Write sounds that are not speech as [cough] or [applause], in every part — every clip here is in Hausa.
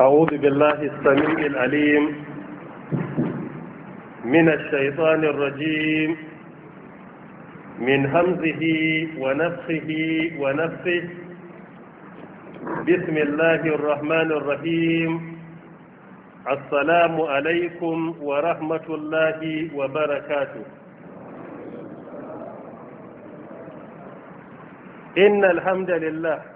أعوذ بالله السميع العليم من الشيطان الرجيم من همزه ونفخه ونفخه بسم الله الرحمن الرحيم السلام عليكم ورحمة الله وبركاته إن الحمد لله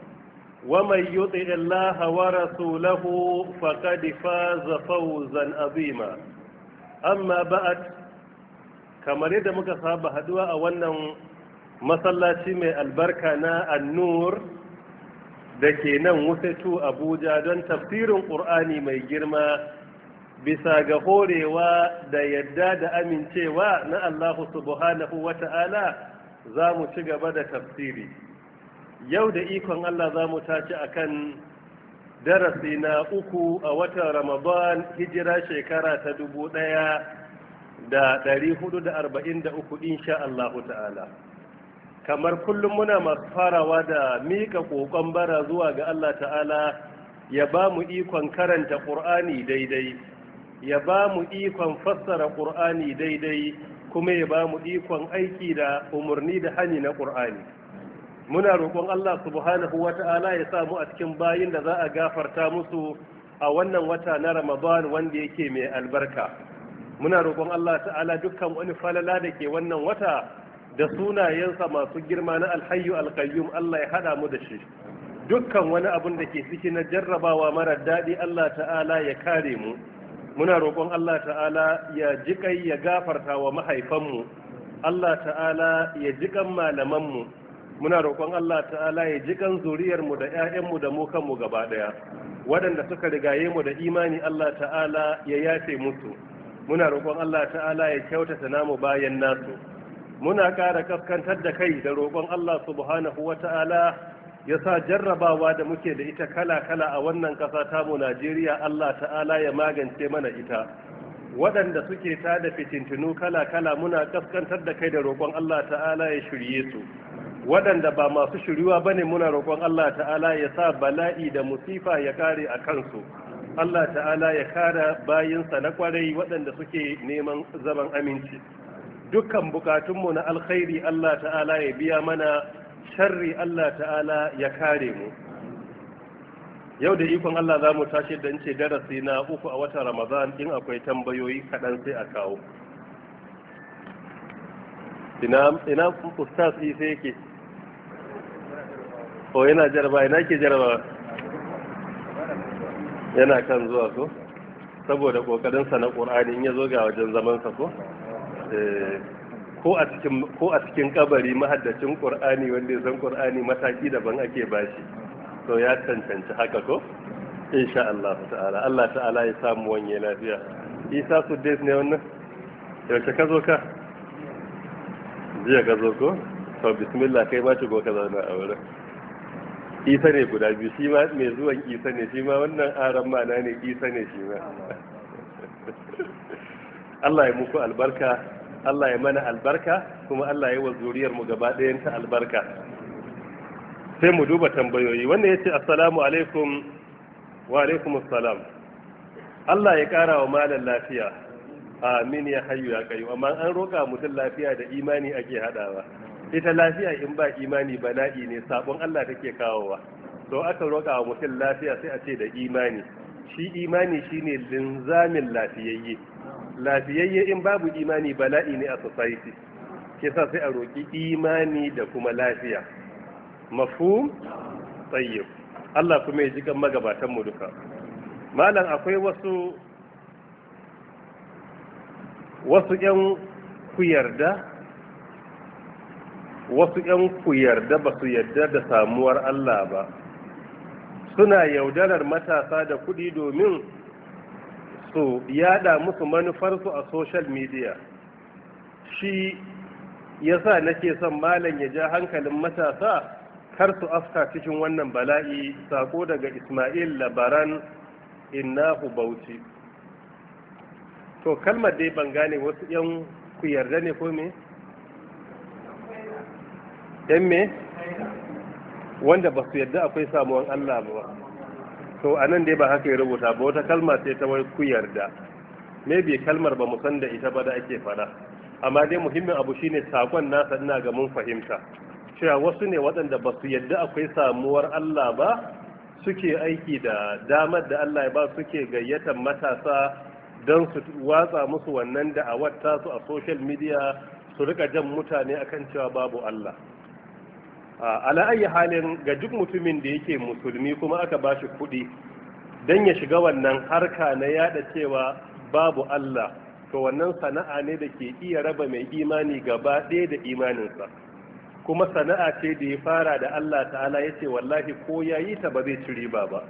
ومن يطع الله ورسوله فقد فاز فوزا عظيما أما بعد kamar yadda muka saba haɗuwa a wannan masallaci mai albarka na annur da ke nan wutatu abuja don tafsirin ƙur'ani mai girma bisa ga horewa da yadda da amincewa na allahu subhanahu wata'ala za mu ci gaba da tafsiri yau da ikon Allah za mu tashi kan darasi na uku a watan Ramadan hijira shekara ta dubu ɗaya da ɗari hudu da arba'in da uku insha Allah ta'ala. Kamar kullum muna masu farawa da mika ƙoƙon bara zuwa ga Allah ta'ala ya ba mu ikon karanta ƙur'ani daidai, ya ba mu ikon fassara ƙur'ani daidai, kuma ya ba mu ikon aiki da umarni da hani na ƙur'ani. muna roƙon Allah subhanahu wata'ala ya sa mu a cikin bayin da za a gafarta musu a wannan wata na Ramadan wanda yake mai albarka muna roƙon Allah ta'ala dukkan wani falala da ke wannan wata da sunayensa masu girma na alhayyu alqayyum Allah ya hada mu da shi dukkan wani abun da ke ciki na jarrabawa mara daɗi Allah ta'ala ya kare mu muna roƙon Allah ta'ala ya jiƙai ya gafarta wa mahaifanmu Allah ta'ala ya jiƙan malamanmu muna roƙon Allah ta'ala ya ji kan zuriyarmu da 'ya'yanmu da mu kanmu gaba ɗaya waɗanda suka rigaye mu da imani Allah ta'ala ya yafe musu muna roƙon Allah ta'ala ya kyautata namu bayan nasu muna ƙara kaskantar da kai da roƙon Allah subhanahu waTa'ala ta'ala ya sa jarrabawa da muke da ita kala-kala a wannan ƙasa ta mu Najeriya Allah ta'ala ya magance mana ita waɗanda suke tada fitintunu kala-kala muna kaskantar da kai da roƙon Allah ta'ala ya shirye su waɗanda ba masu shiruwa ba ne muna roƙon Allah ta'ala ya sa bala'i da musifa ya kare a kansu Allah ta'ala ya kara bayinsa na kwarai waɗanda suke neman zaman aminci dukkan bukatunmu na alkhairi Allah ta'ala ya biya mana sharri Allah ta'ala ya kare mu yau da ikon Allah za mu tashi don ce darasi na uku a watan Ramadan in akwai tambayoyi kaɗan sai a kawo ina ina ustaz isa yake Oh yana jaraba ina ke jaraba yana kan zuwa ko saboda kokarinsa na ƙur'ani in ya zo ga wajen zamansa ko eh, ko a cikin kabari mahaddacin ƙur'ani wanda ya san ƙur'ani mataki daban ake bashi to ya cancanci haka ko insha Allah ta'ala Allah ta'ala ya samu wanye lafiya isa su ne wannan yaushe ka zo ka jiya ka zo ko to bismillah kai ba shi go ka zauna a wurin isa ne guda biyu shi ma mai zuwan isa ne shi ma wannan aran mana ne isa ne shi ma Allah ya muku albarka Allah ya mana albarka kuma Allah ya yi wa zuriyar mu gaba ɗayan ta albarka sai mu duba tambayoyi wannan yace assalamu alaikum wa alaikum assalam Allah ya ƙara wa malam lafiya amin ya hayyu ya kayu amma an roƙa mutum lafiya da imani ake haɗawa ita lafiya in ba imani bala'i ne sabon Allah take kawowa to aka roka wa mutum lafiya sai a ce da imani shi imani shine linzamin lafiyayye lafiyayye in babu imani bala'i ne a society kisa sai a roki imani da kuma lafiya mafhum tayyib Allah kuma ya ji kan magabatan mu duka malam akwai wasu wasu yan ku yarda wasu ‘yan ku yarda ba su yarda da samuwar Allah ba suna yaudarar matasa da kuɗi domin su yada musu manufarsu a social media shi yasa nake son malam ya ja hankalin matasa kar su afka cikin wannan bala'i sako daga Ismail labaran innahu bauchi to kalmar dai ban gane wasu ‘yan ku yarda ne ko me? yan me wanda ba su yadda akwai samuwan Allah ba to a nan dai ba haka ya rubuta ba wata kalmar sai ta wai ku yarda maybe kalmar ba mu san da ita ba da ake fada amma dai muhimmin abu shine sakon nasa ina ga mun fahimta cewa wasu ne waɗanda ba su yadda akwai samuwar Allah ba suke aiki da damar da Allah ya ba suke gayyatar matasa don su watsa musu wannan da'awar tasu a social media su rika jan mutane akan cewa babu Allah ala ayi halin ga duk mutumin da yake musulmi kuma aka ba shi kuɗi don ya shiga wannan harka na yada cewa babu Allah to wannan sana'a ne da ke iya raba mai imani gaba ɗaya da imaninsa kuma sana'a ce da ya fara da Allah ta'ala ya ce wallahi ko ya yi ta ba zai ci riba ba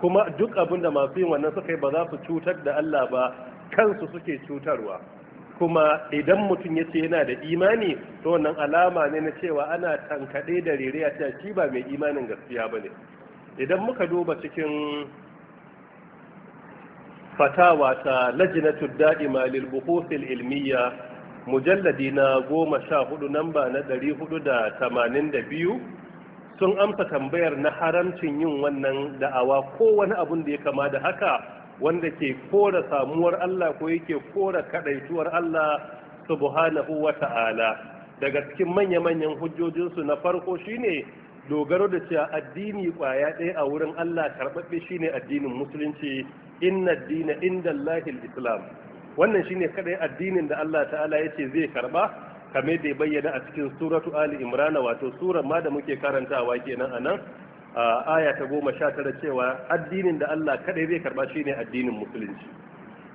kuma duk abinda masu yin wannan suka yi ba za su cutar da Allah ba kansu suke cutarwa kuma idan mutum ya ce yana da imani to wannan alama ne na cewa ana tankaɗe da rere a shi ba mai imanin gaskiya ba ne idan muka duba cikin fatawa ta lajinatul da'ima lil buhuthil ilmiya mujalladi na goma sha hudu namba na ɗari hudu da tamanin da biyu sun amsa tambayar na haramcin yin wannan da'awa ko wani abun da ya kama da haka wanda ke kora samuwar Allah ko yake kora kadaituwar Allah subhanahu wa ta'ala daga cikin manya-manyan hujjojinsu na farko shine dogaro da cewa addini kwaya ɗaya a wurin Allah karɓaɓɓe shine addinin musulunci inna dina inda islam wannan shine kadai addinin da Allah ta'ala ya ce zai karɓa Kame da ya bayyana a cikin suratu ali imrana wato surar ma da muke karantawa kenan a nan aya ta goma sha tara cewa addinin da Allah kaɗai zai karɓa shine addinin musulunci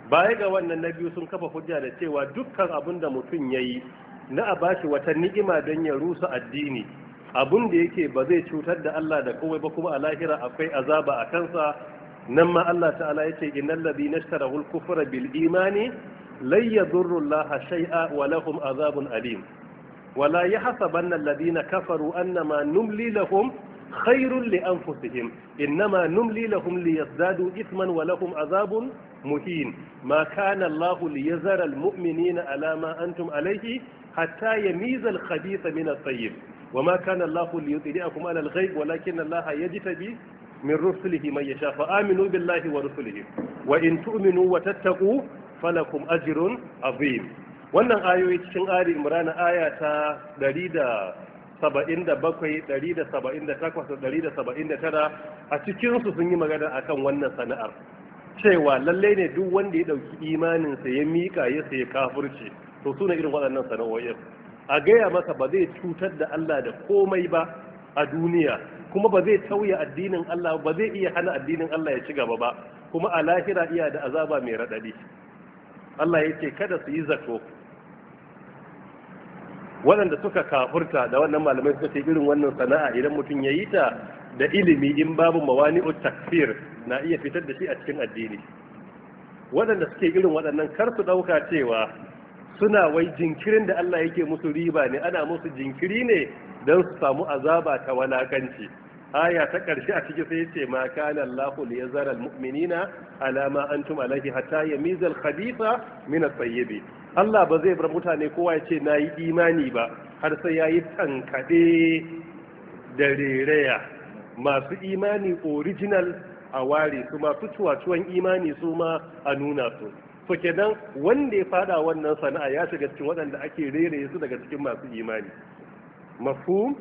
baya ga wannan na biyu sun kafa hujja da cewa dukkan abin da mutum ya yi na a shi wata ni'ima don ya rusa addini abin da yake ba zai cutar da Allah da kowai ba kuma a lahira akwai azaba a kansa nan ma Allah ta'ala ya ce innal ladina ishtarahul kufra bil imani lan yadurru Allah shay'a wa lahum azabun alim wala yahsabanna alladhina kafaru annama numli lahum khairun li anfusihim innama numli lahum liyazdadu ithman wa lahum azabun muhin ma kana Allah liyazara almu'minina ala ma antum alayhi hatta yamiza alkhabitha min at-tayyib وما كان الله ليطلعكم على الغيب ولكن الله يجتبي من رسله من يشاء فآمنوا بالله ورسله وإن تؤمنوا وتتقوا فلكم أجر عظيم wannan ayoyi cikin ari imrana aya ta 77,178,179 a cikinsu sun yi magana a kan wannan sana'ar cewa lallai ne duk wanda ya ɗauki imaninsa ya miƙa ya sai kafurci, to suna irin waɗannan sana'o'in a gaya masa ba zai cutar da Allah da komai ba a duniya kuma ba zai tauya addinin Allah ba zai iya hana addinin Allah ya ci gaba ba kuma a lahira iya da azaba mai raɗaɗi Allah ya ce kada su yi zato waɗanda suka kafurta da wannan malamai suka ce irin wannan sana'a idan mutum ya yi ta da ilimi in babu mawani'u takfir na iya fitar da shi a cikin addini waɗanda suke irin waɗannan kar su ɗauka cewa suna wai jinkirin da Allah yake musu riba ne ana musu jinkiri ne don su samu azaba ta walakanci aya ta ƙarshe a cikin sai ce ma kana Allahu li yazara almu'minina ala ma antum alayhi hatta yamizal khabitha min at-tayyib Allah ba zai bar mutane kowa ya ce nayi imani ba har sai yayi tankade da rereya masu imani original a ware su masu cuwacuwan imani su ma a nuna su so kenan wanda ya fada wannan sana'a ya shiga cikin waɗanda ake rere su daga cikin masu imani mafhum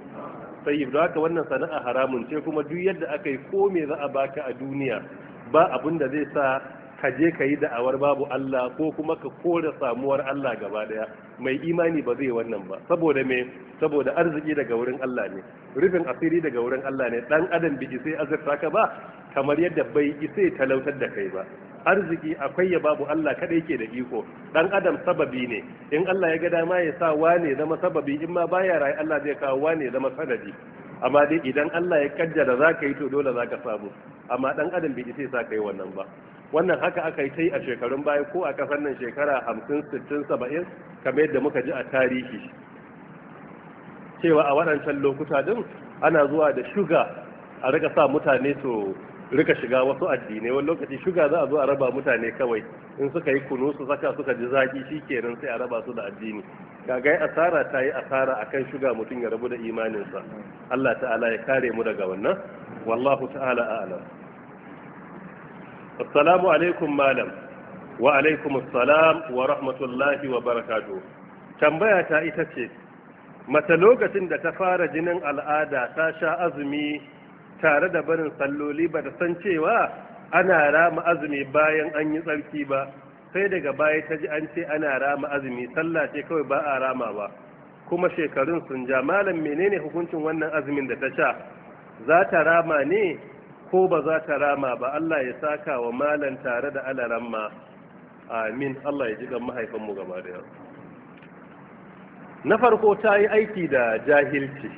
tayyib don haka wannan sana'a haramun ce kuma duk yadda aka yi ko me za a baka a duniya ba abin da zai sa ka je ka yi da'awar babu Allah ko kuma ka kore samuwar Allah gaba daya mai imani ba zai wannan ba saboda me saboda arziki daga wurin Allah ne rufin asiri daga wurin Allah ne dan adam biki sai azurta ka ba kamar yadda bai isa talautar da kai ba arziki akwai ya babu Allah kadai ke da iko dan adam sababi ne in Allah ya ga dama ya sa wane zama sababi in ma baya rayu Allah zai kawo wane zama sanadi amma dai idan Allah ya kaddara za yi to dole zaka samu amma dan adam bai sai sa kai wannan ba wannan haka aka yi ta a shekarun baya ko a kasar nan shekara hamsin sittin 70 kamar yadda muka ji a tarihi cewa a waɗancan lokuta din ana zuwa da shuga a riga sa mutane su rika shiga wasu addinai wani lokaci shuga za a zo a raba mutane kawai in suka yi kunu su saka suka ji zaki shikenan sai a raba su da addini kaga asara ta yi asara akan shuga mutum ya rabu da imaninsa Allah ta'ala ya kare mu daga wannan wallahu ta'ala a'lam assalamu alaikum malam wa alaikum assalam wa rahmatullahi wa barakatuh tambaya ta ita ce mata lokacin da ta fara jinin al'ada ta sha azumi tare da barin salloli ba da san cewa ana rama azumi bayan an yi tsarki ba sai daga baya ta ji an ce ana rama azumi sallah ce kawai ba a rama ba kuma shekarun sun ja malam menene hukuncin wannan azumin da ta sha za ta rama ne ko ba za ta rama ba Allah ya saka wa malam tare da alaramma amin Allah ya ji gan mahaifinmu gaba da yau na farko ta yi aiki da jahilci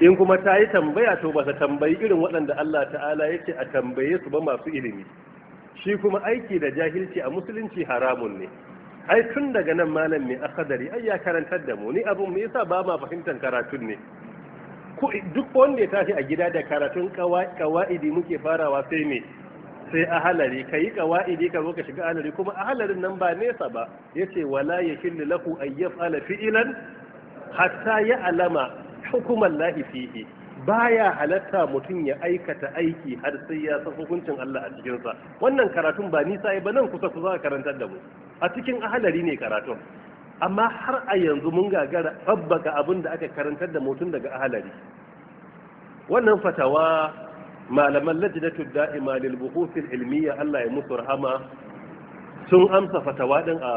in kuma ta yi tambaya to ba ta tambayi irin waɗanda Allah ta'ala ya ce a tambaye su ba masu ilimi shi kuma aiki da jahilci a musulunci haramun ne ai tun daga nan malam mai akadari ai ya karantar da mu ni abin mu yasa ba ma fahimtar karatun ne duk wanda ya tashi a gida da karatun kawa'idi muke farawa sai me sai ahalari ka yi kawa'idi ka zo ka shiga ahalari kuma a halarin nan ba nesa ba yace wala yashillu lahu ayyaf ala fi'lan hatta ya alama hukuman lahi fihi baya halatta mutum ya aikata aiki har sai ya san hukuncin Allah a cikinsa wannan karatun ba nisa ba nan kusa kusa karantar da mu a cikin ahalari ne karatu, amma har a yanzu mun gagara ga abin da aka karantar da mutum daga ahalari wannan fatawa malaman lajnatu da'ima lil buhuthil ilmiya Allah ya musu rahama sun amsa fatawa din a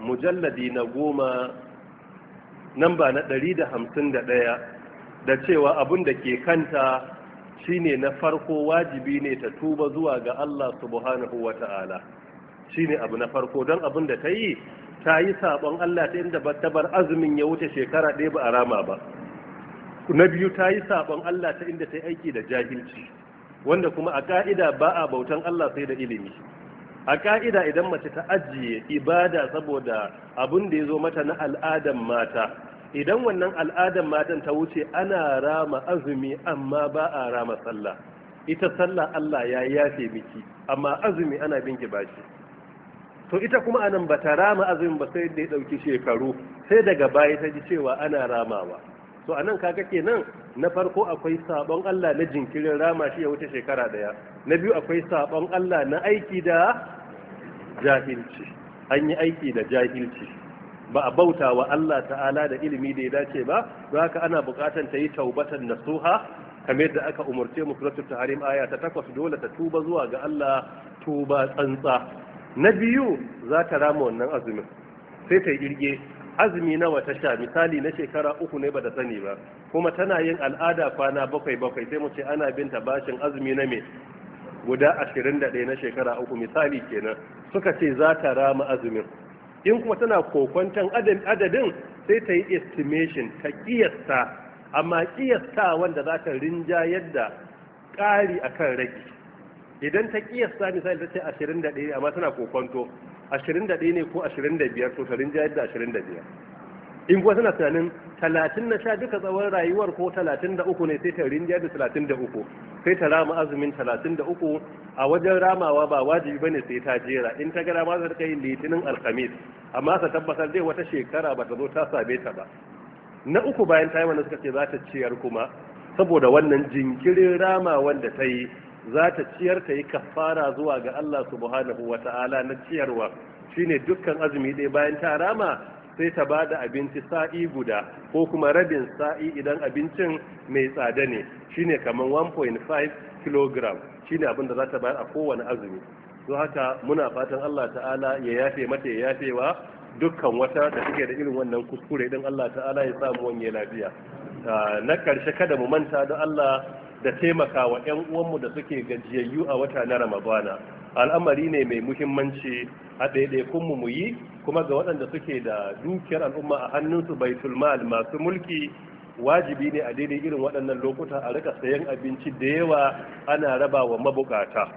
mujalladi na goma namba na ɗari da hamsin da da ɗaya cewa abin da ke kanta shine na farko wajibi ne ta tuba zuwa ga Allah subhanahu Shi shine abu na farko don abin da ta yi ta yi sabon Allah ta inda ta bar azumin ya wuce shekara ɗaya ba a rama ba na biyu ta yi sabon Allah ta inda ta yi aiki da jahilci wanda kuma a ka'ida ba a bautan Allah sai da ilimi a ka'ida idan mace ta ajiye ibada saboda abin da ya zo mata na al'adan mata idan wannan al'adan matan ta wuce ana rama azumi amma ba a rama sallah ita sallah Allah ya yafe miki amma azumi ana ki bashi to ita kuma anan ba ta rama azumin ba sai da ya dauki shekaru sai daga baya ta ji cewa ana ramawa to anan kaga kenan na farko akwai sabon Allah na jinkirin rama shi ya wuce shekara daya na biyu akwai sabon Allah na aiki da jahilci an yi aiki da jahilci ba a bauta wa Allah ta'ala da ilimi da ya dace ba don haka ana bukatar ta yi taubatan nasuha kamar da aka umarce mu suratul tahrim aya ta takwas dole ta tuba zuwa ga Allah tuba tsantsa na biyu za ta rama wannan azumin sai ta yi irge azumi nawa wata sha misali na shekara uku ne bata sani ba kuma tana yin al'ada kwana bakwai bakwai sai mu ce ana binta bashin azumi na me guda ashirin da ɗaya na shekara uku misali kenan suka ce za ta rama azumin in kuma tana kokwantan adadin sai ta yi estimation ta kiyasta amma kiyasta wanda za ta rinja yadda ƙari akan rage idan ta kiyasta misali ta ce ashirin da ɗaya amma tana kokwanto 21 ne ko 25 to tarin jayar da 25 in kuwa suna tunanin 30 na sha duka tsawon rayuwar ko 33 ne sai tarin jayar da 33 sai ta rama azumin 33 a wajen ramawa ba wajibi bane sai ta jera in ta gara ma za ta yi litinin alhamis amma ta tabbatar dai wata shekara ba ta zo ta same ta ba na uku bayan ta yi wani suka ce za ta ciyar kuma saboda wannan jinkirin rama wanda ta yi za ta ciyar ta yi kafara zuwa ga Allah subhanahu wa ta'ala na ciyarwa shine dukkan azumi ɗaya bayan ta rama sai ta ba da abinci sa'i guda ko kuma rabin sa'i idan abincin mai tsada ne shine kamar 1.5 kg shine abin da za ta bayar a kowane azumi don haka muna fatan Allah ta'ala ya yafe mata ya yafewa dukkan wata da take da irin wannan kuskure idan Allah ta'ala ya samu wani lafiya ah, na karshe kada mu manta don Allah da taimaka wa 'yan uwanmu da suke gajiyayyu a wata na ramadana al'amari ne mai muhimmanci a ɗaiɗaikun mu yi kuma ga waɗanda suke da dukiyar al'umma a hannunsu baitul mal masu mulki wajibi ne a daidai irin waɗannan lokuta a rika sayan abinci da yawa ana raba wa mabukata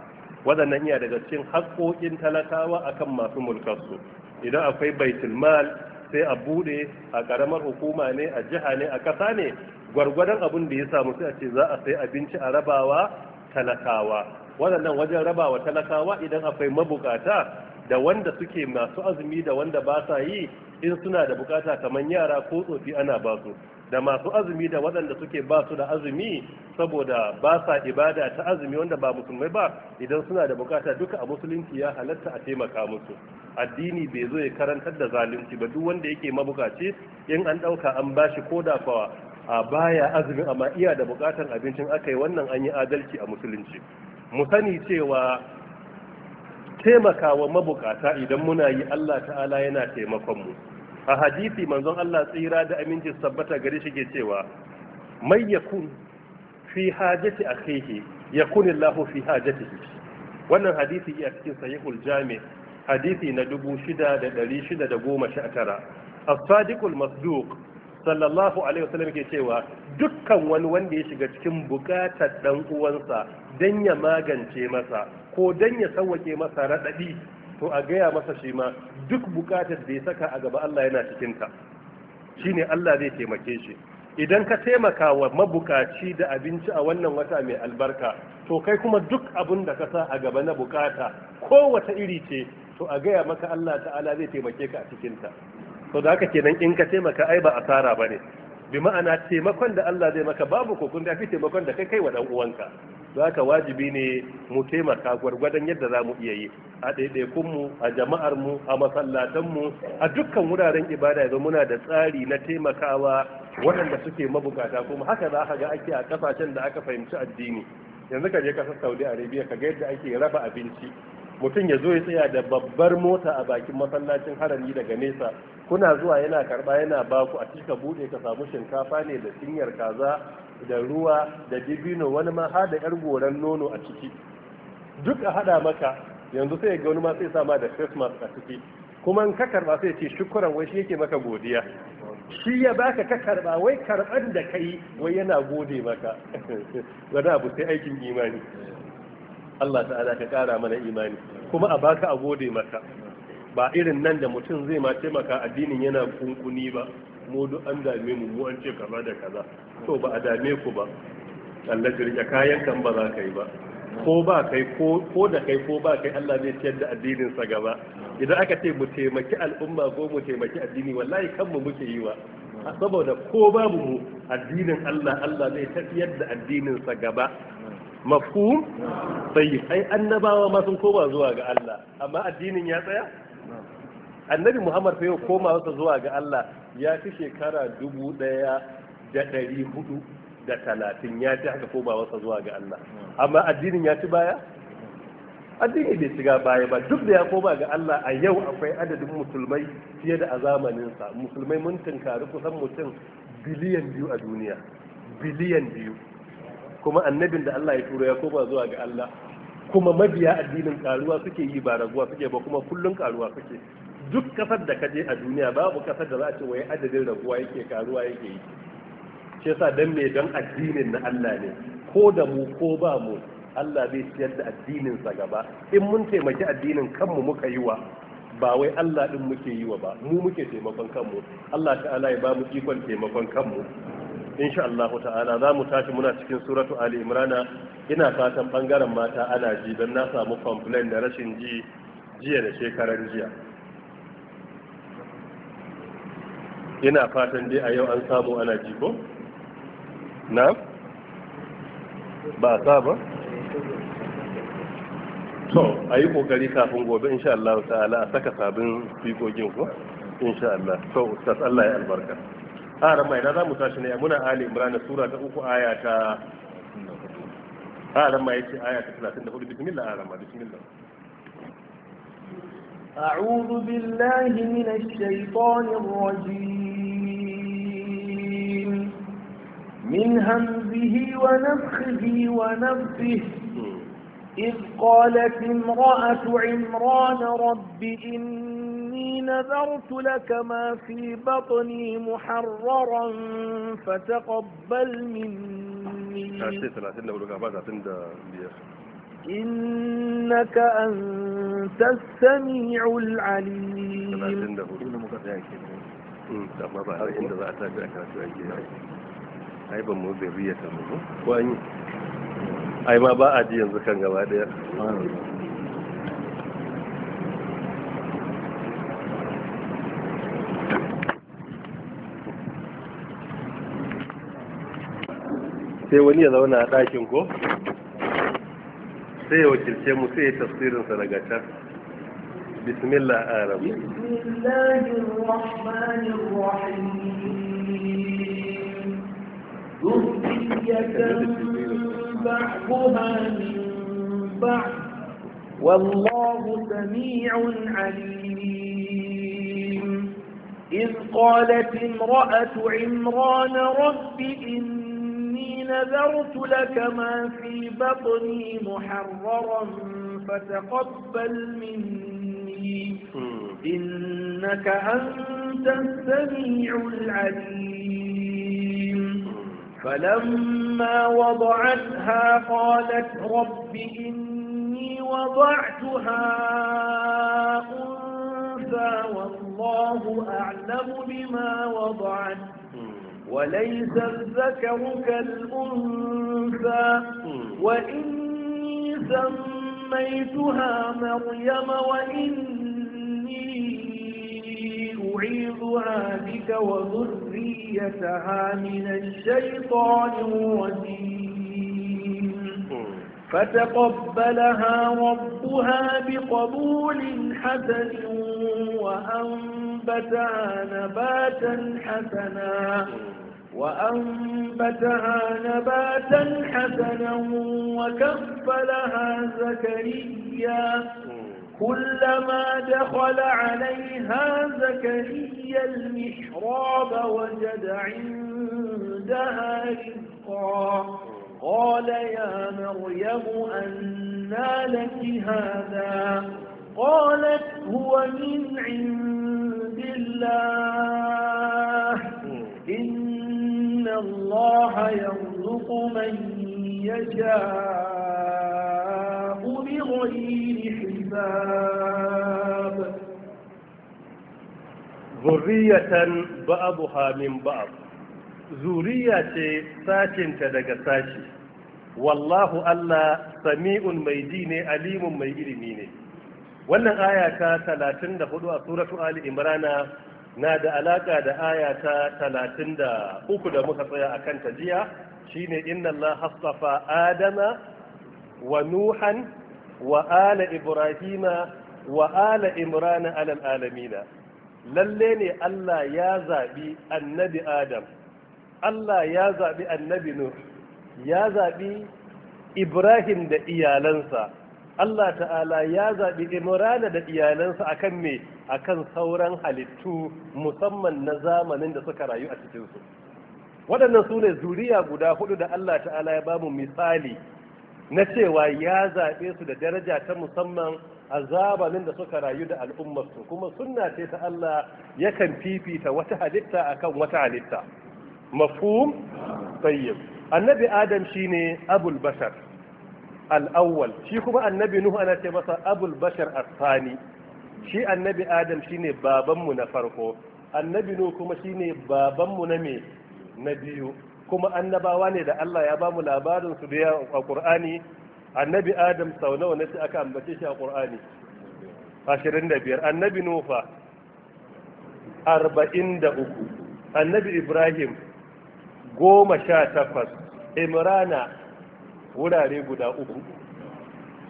waɗannan iya daga cikin haƙoƙin talakawa akan masu mulkarsu idan akwai baitul mal sai a bude a karamar hukuma ne a jiha ne a kasa ne gwargwadon abin da ya samu sai a ce za a sai abinci a rabawa talakawa waɗannan wajen rabawa talakawa idan akwai mabukata da wanda suke masu azumi da wanda ba sa yi in suna da bukata kamar yara ko tsofi ana ba su da masu azumi da waɗanda suke ba su da azumi saboda ba sa ibada ta azumi wanda ba musulmai ba idan suna da bukata duka a musulunci ya halatta a taimaka musu addini bai zo ya karantar da zalunci ba duk wanda yake mabukaci in an ɗauka an bashi ko da fawa a baya azumin amma iya da bukatan abincin aka yi wannan an yi adalci a musulunci mu sani cewa taimakawa mabukata idan muna yi Allah ta'ala yana taimakon mu a hadisi manzon Allah tsira da aminci sabbata gari shi cewa mai yakun fi hajati akhihi yakun Allah fi hajatihi wannan hadisi ya cikin sahihul jami hadisi na 6619 as-sadiqul masduq sallallahu alaihi wasallam ke cewa dukkan wani wanda ya shiga cikin bukatar dan uwansa dan ya magance masa ko dan ya sauwake masa radadi to a gaya masa shi ma duk bukatar da ya saka a gaba Allah yana cikin ta shine Allah zai taimake shi idan ka taimaka wa mabukaci da abinci a wannan wata mai albarka to kai kuma duk abin da ka sa a gaba na bukata wata iri ce to a gaya maka Allah ta'ala zai taimake ka a cikinta to da haka kenan in ka taimaka ai ba asara ba ne bi ma'ana taimakon da Allah zai maka babu ko kun dafi taimakon da kai kai wa dan uwanka za ka wajibi ne mu taimaka gwargwadon yadda za mu iya yi a mu a jama'ar mu a masallatan mu a dukkan wuraren ibada yanzu muna da tsari na taimakawa waɗanda suke mabukata kuma haka za ka ga ake a kasashen da aka fahimci addini yanzu ka je ƙasar saudi arabia ka ga yadda ake raba abinci mutum ya zo ya tsaya da babbar mota a bakin masallacin harami daga nesa kuna zuwa yana karba yana baku a cika bude ka samu shinkafa ne da cinyar kaza da ruwa da dibino wani ma har da yar goran nono a ciki duk a hada maka yanzu sai ga wani ma sai sama da face a ciki kuma in ka karba sai ce shukuran wai shi yake maka godiya shi ya baka ka karba wai karban da kai wai yana gode maka [laughs] wani abu sai aikin imani Allah ta'ala ka kara mana imani kuma a baka a gode maka ba irin nan da mutum zai ma taimaka addinin yana kunkuni ba mu duk an dame mu mu an ce kaza da kaza to ba a dame ku ba Allah ya rike kayan kan ba za ka yi ba ko ba kai ko da kai ko ba kai Allah zai ciyar da addinin sa gaba idan aka ce mu taimaki al'umma ko mu taimaki addini wallahi mu muke yi wa saboda ko babu mu addinin Allah Allah zai tafiyar da addinin sa gaba mafhum tayyib ai annabawa ma sun koma zuwa ga Allah amma addinin ya tsaya annabi Muhammad sai ya koma wasa zuwa ga Allah ya fi shekara dubu ɗaya da ɗari hudu da talatin ya fi haka koma wasa zuwa ga Allah amma addinin ya ci baya addini bai shiga baya ba duk da ya koma ga Allah a yau akwai adadin musulmai fiye da a zamanin sa musulmai mun tunkari kusan mutum biliyan biyu a duniya biliyan biyu kuma annabin da Allah ya turo ya koma zuwa ga Allah kuma mabiya addinin karuwa suke yi ba raguwa suke ba kuma kullun karuwa suke duk kasar da kaje a duniya babu kasar da za a ce wai adadin raguwa yake karuwa yake yi shi yasa dan me dan addinin na Allah ne ko da mu ko ba mu Allah zai ciyar da addinin sa gaba in mun taimaki addinin kanmu muka yi wa ba wai Allah din muke yi wa ba mu muke taimakon kanmu Allah ta'ala ya ba mu ikon taimakon kanmu sha Allah ta'ala za mu tashi muna cikin suratu Ali Imrana ina fatan bangaren mata ana ji don na samu complain da rashin ji jiya da shekaran jiya ina fatan dai a yau an samu ana ji ko na ba sa ba to a yi kokari kafin gobe insha Allah ta'ala a saka sabbin fikogin ko insha Allah to ustaz Allah ya albarka a ran mai na za mu tashi ne muna ali imran sura ta uku aya ta a ran mai ce aya ta 34 bismillah a ran mai bismillah أعوذ بالله من الشيطان الرجيم من همزه ونفخه ونفخه إذ قالت امرأة عمران رب إن نذرت لك ما في بطني محررا فتقبل مني إنك أنت السميع العليم أي يعني. ما ba a ji yanzu sai wani ya zauna a ɗakin ko sai ya wakilce mu sai ya daga can بسم الله الرحمن الرحيم من والله سميع عليم إذ قالت امرأة عمران رب إني نذرت لك ما في بطني محررا فتقبل مني إنك أنت السميع العليم فلما وضعتها قالت رب إني وضعتها أنثى والله أعلم بما وضعت وليس الذكر كالأنثى وإني سميتها مريم وإني أعيذها بك وذريتها من الشيطان الرجيم فتقبلها ربها بقبول حسن وأنبتها نباتا حسنا وأنبتها نباتا حسنا وكفلها زكريا كلما دخل عليها زكريا المحراب وجد عندها رزقا قال يا مريم أنا لك هذا قالت هو من عند الله إن الله يرزق من يشاء بغير حساب ذرية بعضها من بعض zuriya ce satinta daga sashi wallahu Allah sami'un mai ji ne alimun mai ilimi ne wannan ayata ta 34 a suratu ali imrana na da alaka da ayata ta 33 da muka tsaya a kanta jiya shine inna Allah hasafa adama wa nuhan wa ala ibrahima wa ala imrana alal alamina lalle ne Allah ya zaɓi annabi adam Allah ya zaɓi annabi Nuh ya zaɓi Ibrahim da iyalansa Allah ta'ala ya zaɓi Imrana da iyalansa a kan me a kan sauran halittu musamman na zamanin da suka rayu a cikinsu waɗannan su ne zuriya guda hudu da Allah ta'ala ya bamu misali na cewa ya zaɓe su da daraja ta musamman a zamanin da suka rayu da al'ummarsu kuma sunna ce ta Allah yakan fifita wata halitta akan wata halitta mafhum tayyib annabi adam shine abul bashar al'awwal, shi kuma annabi nuhu ana ce masa abul bashar as shi annabi adam shine babanmu na farko annabi nuhu kuma shine babanmu na me na biyu kuma annabawa ne da Allah ya ba mu labarin su da a Qur'ani annabi adam sau nawa ne aka ambace shi a Qur'ani 25 annabi nufa 43 annabi ibrahim goma sha takwas imrana wurare guda uku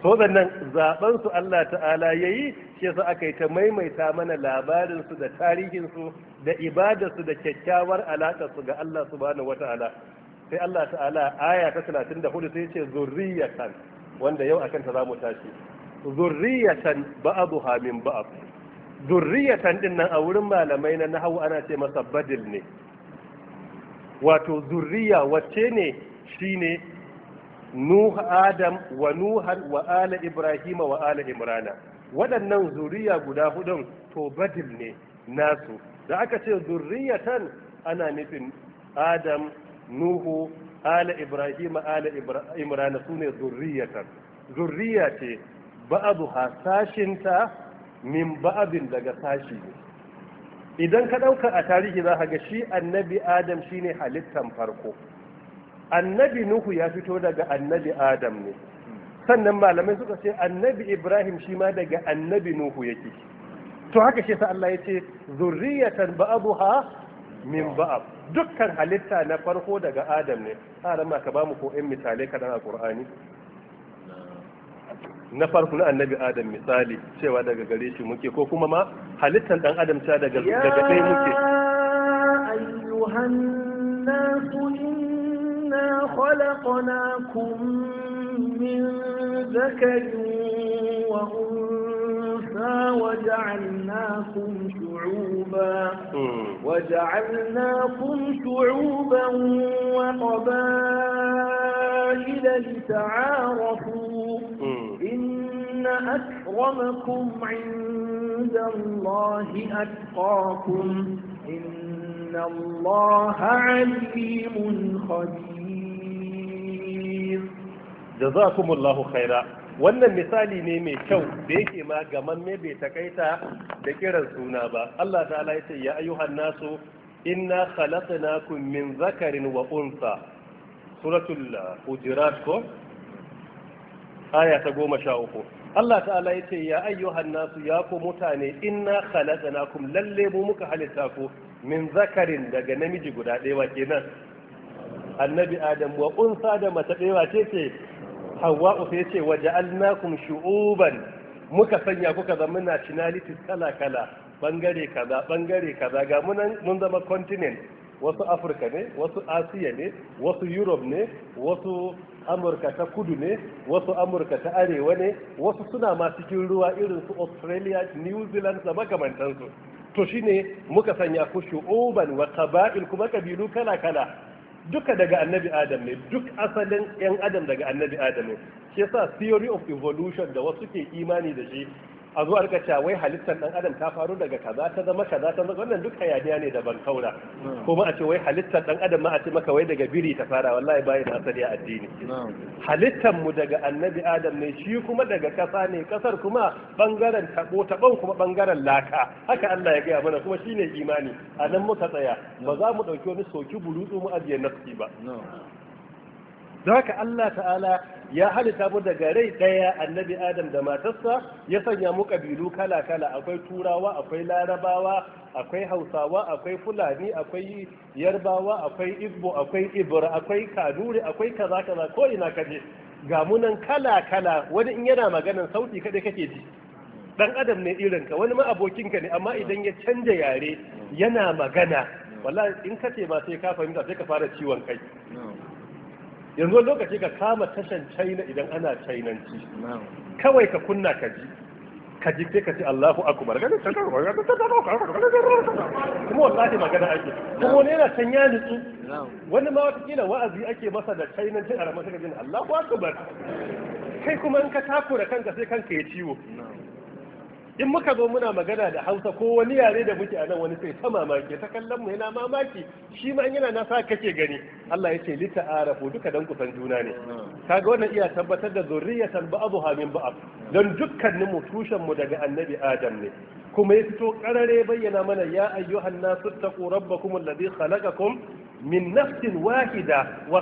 so nan zaɓensu Allah ta'ala ya yi shi yasa aka yi ta maimaita mana labarinsu da tarihinsu da ibadarsu da kyakkyawar alaƙarsu ga Allah Su Ba Wata Ala. sai Allah ta'ala aya ta 34 sai ce zurriyatan wanda yau akan ta zamu tashi zurriyatan ba'dha min ba'd zurriyatan din nan a wurin malamai na nahawu ana ce masa badil ne wato zurriya wacce ne shi ne nuh adam wa Nuhar wa ala ibrahima wa ala imrana waɗannan zuriya guda hudun to badil ne nasu da aka ce zurriyatan ana nufin adam nuhu ala ibrahima ala imrana su ne zurriyatan zurriya ce ba'adu ha sashinta min ba'adin daga sashi ne idan ka ɗauka a tarihi za ka ga shi annabi adam shine halittan farko annabi nuhu ya fito daga annabi adam ne sannan malamai suka ce annabi ibrahim shi ma daga annabi nuhu yake to haka shi sa Allah ya ce zurriyatan ba'abu ha min ba'ab dukkan halitta na farko daga adam ne har ma ka bamu ko misalai kaɗan a ƙur'ani. na farko na annabi adam misali cewa daga gare shi muke ko kuma ma halittar ɗan adam ta daga daga kai muke ayyuhan nas inna khalaqnakum min zakarin wa unsa wa ja'alnakum شعوبا وجعلناكم شعوبا وقبائل لتعارفوا إن أكرمكم عند الله أتقاكم إن الله عليم خبير جزاكم الله خيرا wannan misali ne mai kyau da yake ma gaman me bai takaita da kiran suna ba Allah ta'ala ya ce ya ayyuhan nasu inna khalaqnakum min zakarin wa unsa suratul hujurat ko aya ta goma sha uku Allah ta'ala ya ce ya ayyuhan nasu ya ku mutane inna khalaqnakum lalle mu muka halitta ku min zakarin daga namiji guda ɗaya kenan annabi adam wa unsa da mace ɗaya ce ce u sai ce waja'alnakum shu'uban muka sanya kuka zama nationalities kala kala bangare kaza bangare kaza ga mun zama continent wasu afirka ne wasu asiya ne wasu europe ne wasu amurka ta kudu ne wasu amurka ta arewa ne wasu suna masu cikin ruwa irin su australia new zealand da makamantansu to shine muka sanya ku shu'uban wa qaba'il kuma kabilu kala kala duka daga annabi adam ne duk asalin yan adam daga annabi adam ne shi yasa theory of evolution da wasu ke imani da shi a zuwa rika cewa wai halittar dan adam ta faru daga kaza ta zama kaza ta zama wannan duk hayaniya ne da ban kaura hmm. kuma a ce wai halittar dan adam ma a ce maka wai daga biri ta fara wallahi bai da asali a addini hmm. halittar mu daga annabi adam ne shi kuma daga kasa ne kasar kuma bangaren tabo taban kuma bangaren laka haka Allah ya gaya mana kuma shine imani a nan muka tsaya ba hmm. za mu dauki wani soki bulutu mu ajiye nafsi ba don haka Allah ta'ala ya halitta mu daga rai daya annabi adam da matarsa ya sanya mu kabilu kala kala akwai turawa akwai larabawa akwai hausawa akwai fulani akwai yarbawa akwai igbo akwai ibra akwai kaduri akwai kaza kaza ko ina kaje ga munan kala kala wani in yana maganan sauti kada kake ji dan adam ne irinka wani ma abokinka ne amma idan ya canja yare yana magana wallahi in kace ce ba sai ka fahimta sai ka fara ciwon kai yanzu lokaci ka kama tashan china idan ana chinanci kawai ka kunna ka ji ka ji sai ka ce Allahu akbar ga ta kuma wallahi magana ake kuma wani yana can ya nutsu wani ma wata kila wa'azi ake masa da chinanci a ramar ka ji Allahu akbar kai kuma in ka takura kanka sai kanka ya ciwo in muka zo muna magana da hausa ko wani yare da muke a nan wani sai ta mamaki ta kallon mu yana mamaki shi ma yana na sa kake gani Allah ya ce li ta'arafu duka dan kusan juna ne kaga wannan iya tabbatar da zurriyatan ba'dha min ba'd dan dukkanin mu tushen mu daga annabi adam ne kuma ya fito karare bayyana mana ya ayyuhan nasu taqu rabbakum alladhi khalaqakum min naftin wahida wa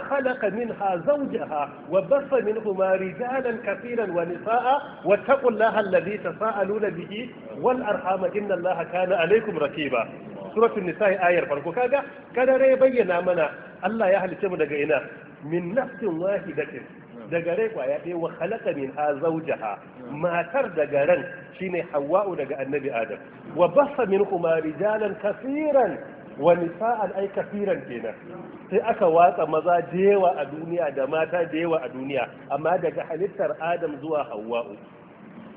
min ha minha ha wa min minhuma rijalan katiran wa nisaa wa ta sa'a nuna biki wal arhama inna allaha kana alaykum rakiba suratun nisa'i ayar farko kaga karare bayyana mana Allah ya halice mu daga ina min wahida wahidatin daga rai kwaya ɗaya wa khalaqa min ha matar daga ran shine hawa'u daga annabi adam wa min kuma rijalan kafiran, wa nisa'an ai kaseeran kenan sai aka watsa maza da yawa a duniya da mata da yawa a duniya amma daga halittar adam zuwa hawa'u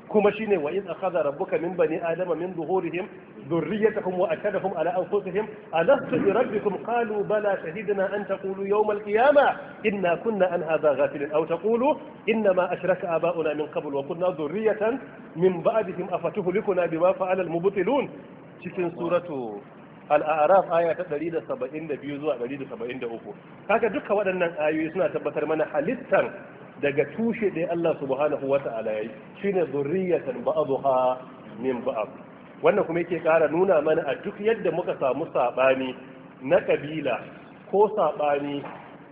kuma shine wa in akhadha rabbuka min bani adama min zuhurihim dhurriyyatahum wa akadahum ala anfusihim alastu bi rabbikum qalu bala shahidna an taqulu yawm al-qiyamah inna kunna an hadha ghafilin aw taqulu inna ma ashraka aba'una min qabl wa kunna dhurriyyatan min ba'dihim afatuhlikuna bima fa'ala al-mubtilun cikin suratu al'araf aya ta 172 zuwa 173 kaga duka waɗannan ayoyi suna tabbatar mana halittar daga tushe ɗaya Allah subhanahu wa ta'ala yayi shine zurriyatan ba'dha min ba'd wannan kuma yake kara nuna mana a duk yadda muka samu sabani na kabila ko sabani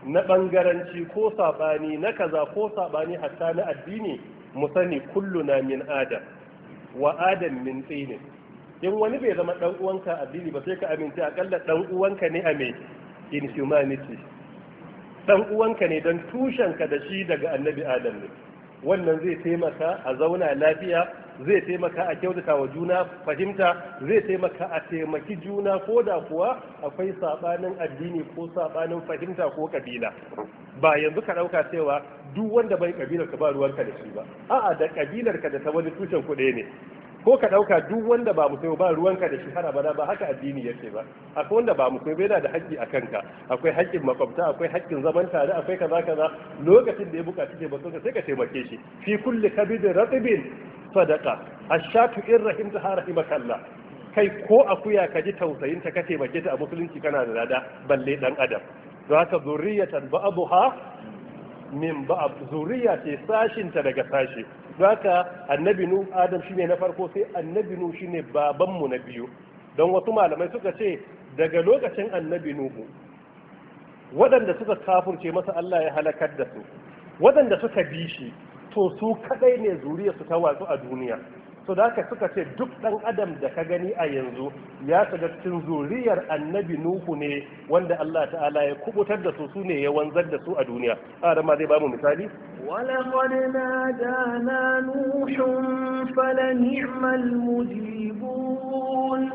na bangaranci ko sabani na kaza ko sabani hatta na addini mu sani kulluna min adam wa adam min tsini in wani bai zama dan uwanka addini ba sai ka amince akalla dan uwanka ne a mai in humanity dan uwanka ne dan ka da shi daga annabi adam ne wannan zai taimaka a zauna lafiya zai taimaka a kyautata wa juna fahimta zai taimaka a taimaki juna ko da kuwa akwai sabanin addini ko sabanin fahimta ko kabila ba yanzu ka dauka cewa duk wanda bai kabilar ka ba ruwanka da shi ba a'a da kabilar ka da ta wani tushen kuɗi ne ko ka ɗauka duk wanda ba musulmi ba ruwanka da shi ba abada ba haka addini yake ba akwai wanda ba musulmi yana da haƙƙi a kanka akwai haƙƙin makwabta akwai haƙƙin zaman tare akwai kaza kaza lokacin da ya buƙaci ke sai ka taimake shi fi kulli kabidin ratibin sadaqa ashatu in rahimta harahi makalla. kai ko akuya ka ji tausayin ta ka taimake ta a musulunci kana da lada balle dan adam don haka zurriyatan ha min ba zuriya ce sashinta daga sashi don haka annabi nu adam shine na farko sai annabi nu shine babanmu na biyu don wasu malamai suka ce daga lokacin annabi nuhu waɗanda suka kafurce masa Allah ya halakar da su waɗanda suka bi shi to su kadai ne su ta watsu a duniya to da haka suka ce duk ɗan adam da ka gani a yanzu ya shiga cikin zuriyar annabi nuhu ne wanda Allah ta'ala ya kubutar da su su ne ya wanzar da su a duniya a ma zai bamu misali ولقد نادانا نوح فلنعم المجيبون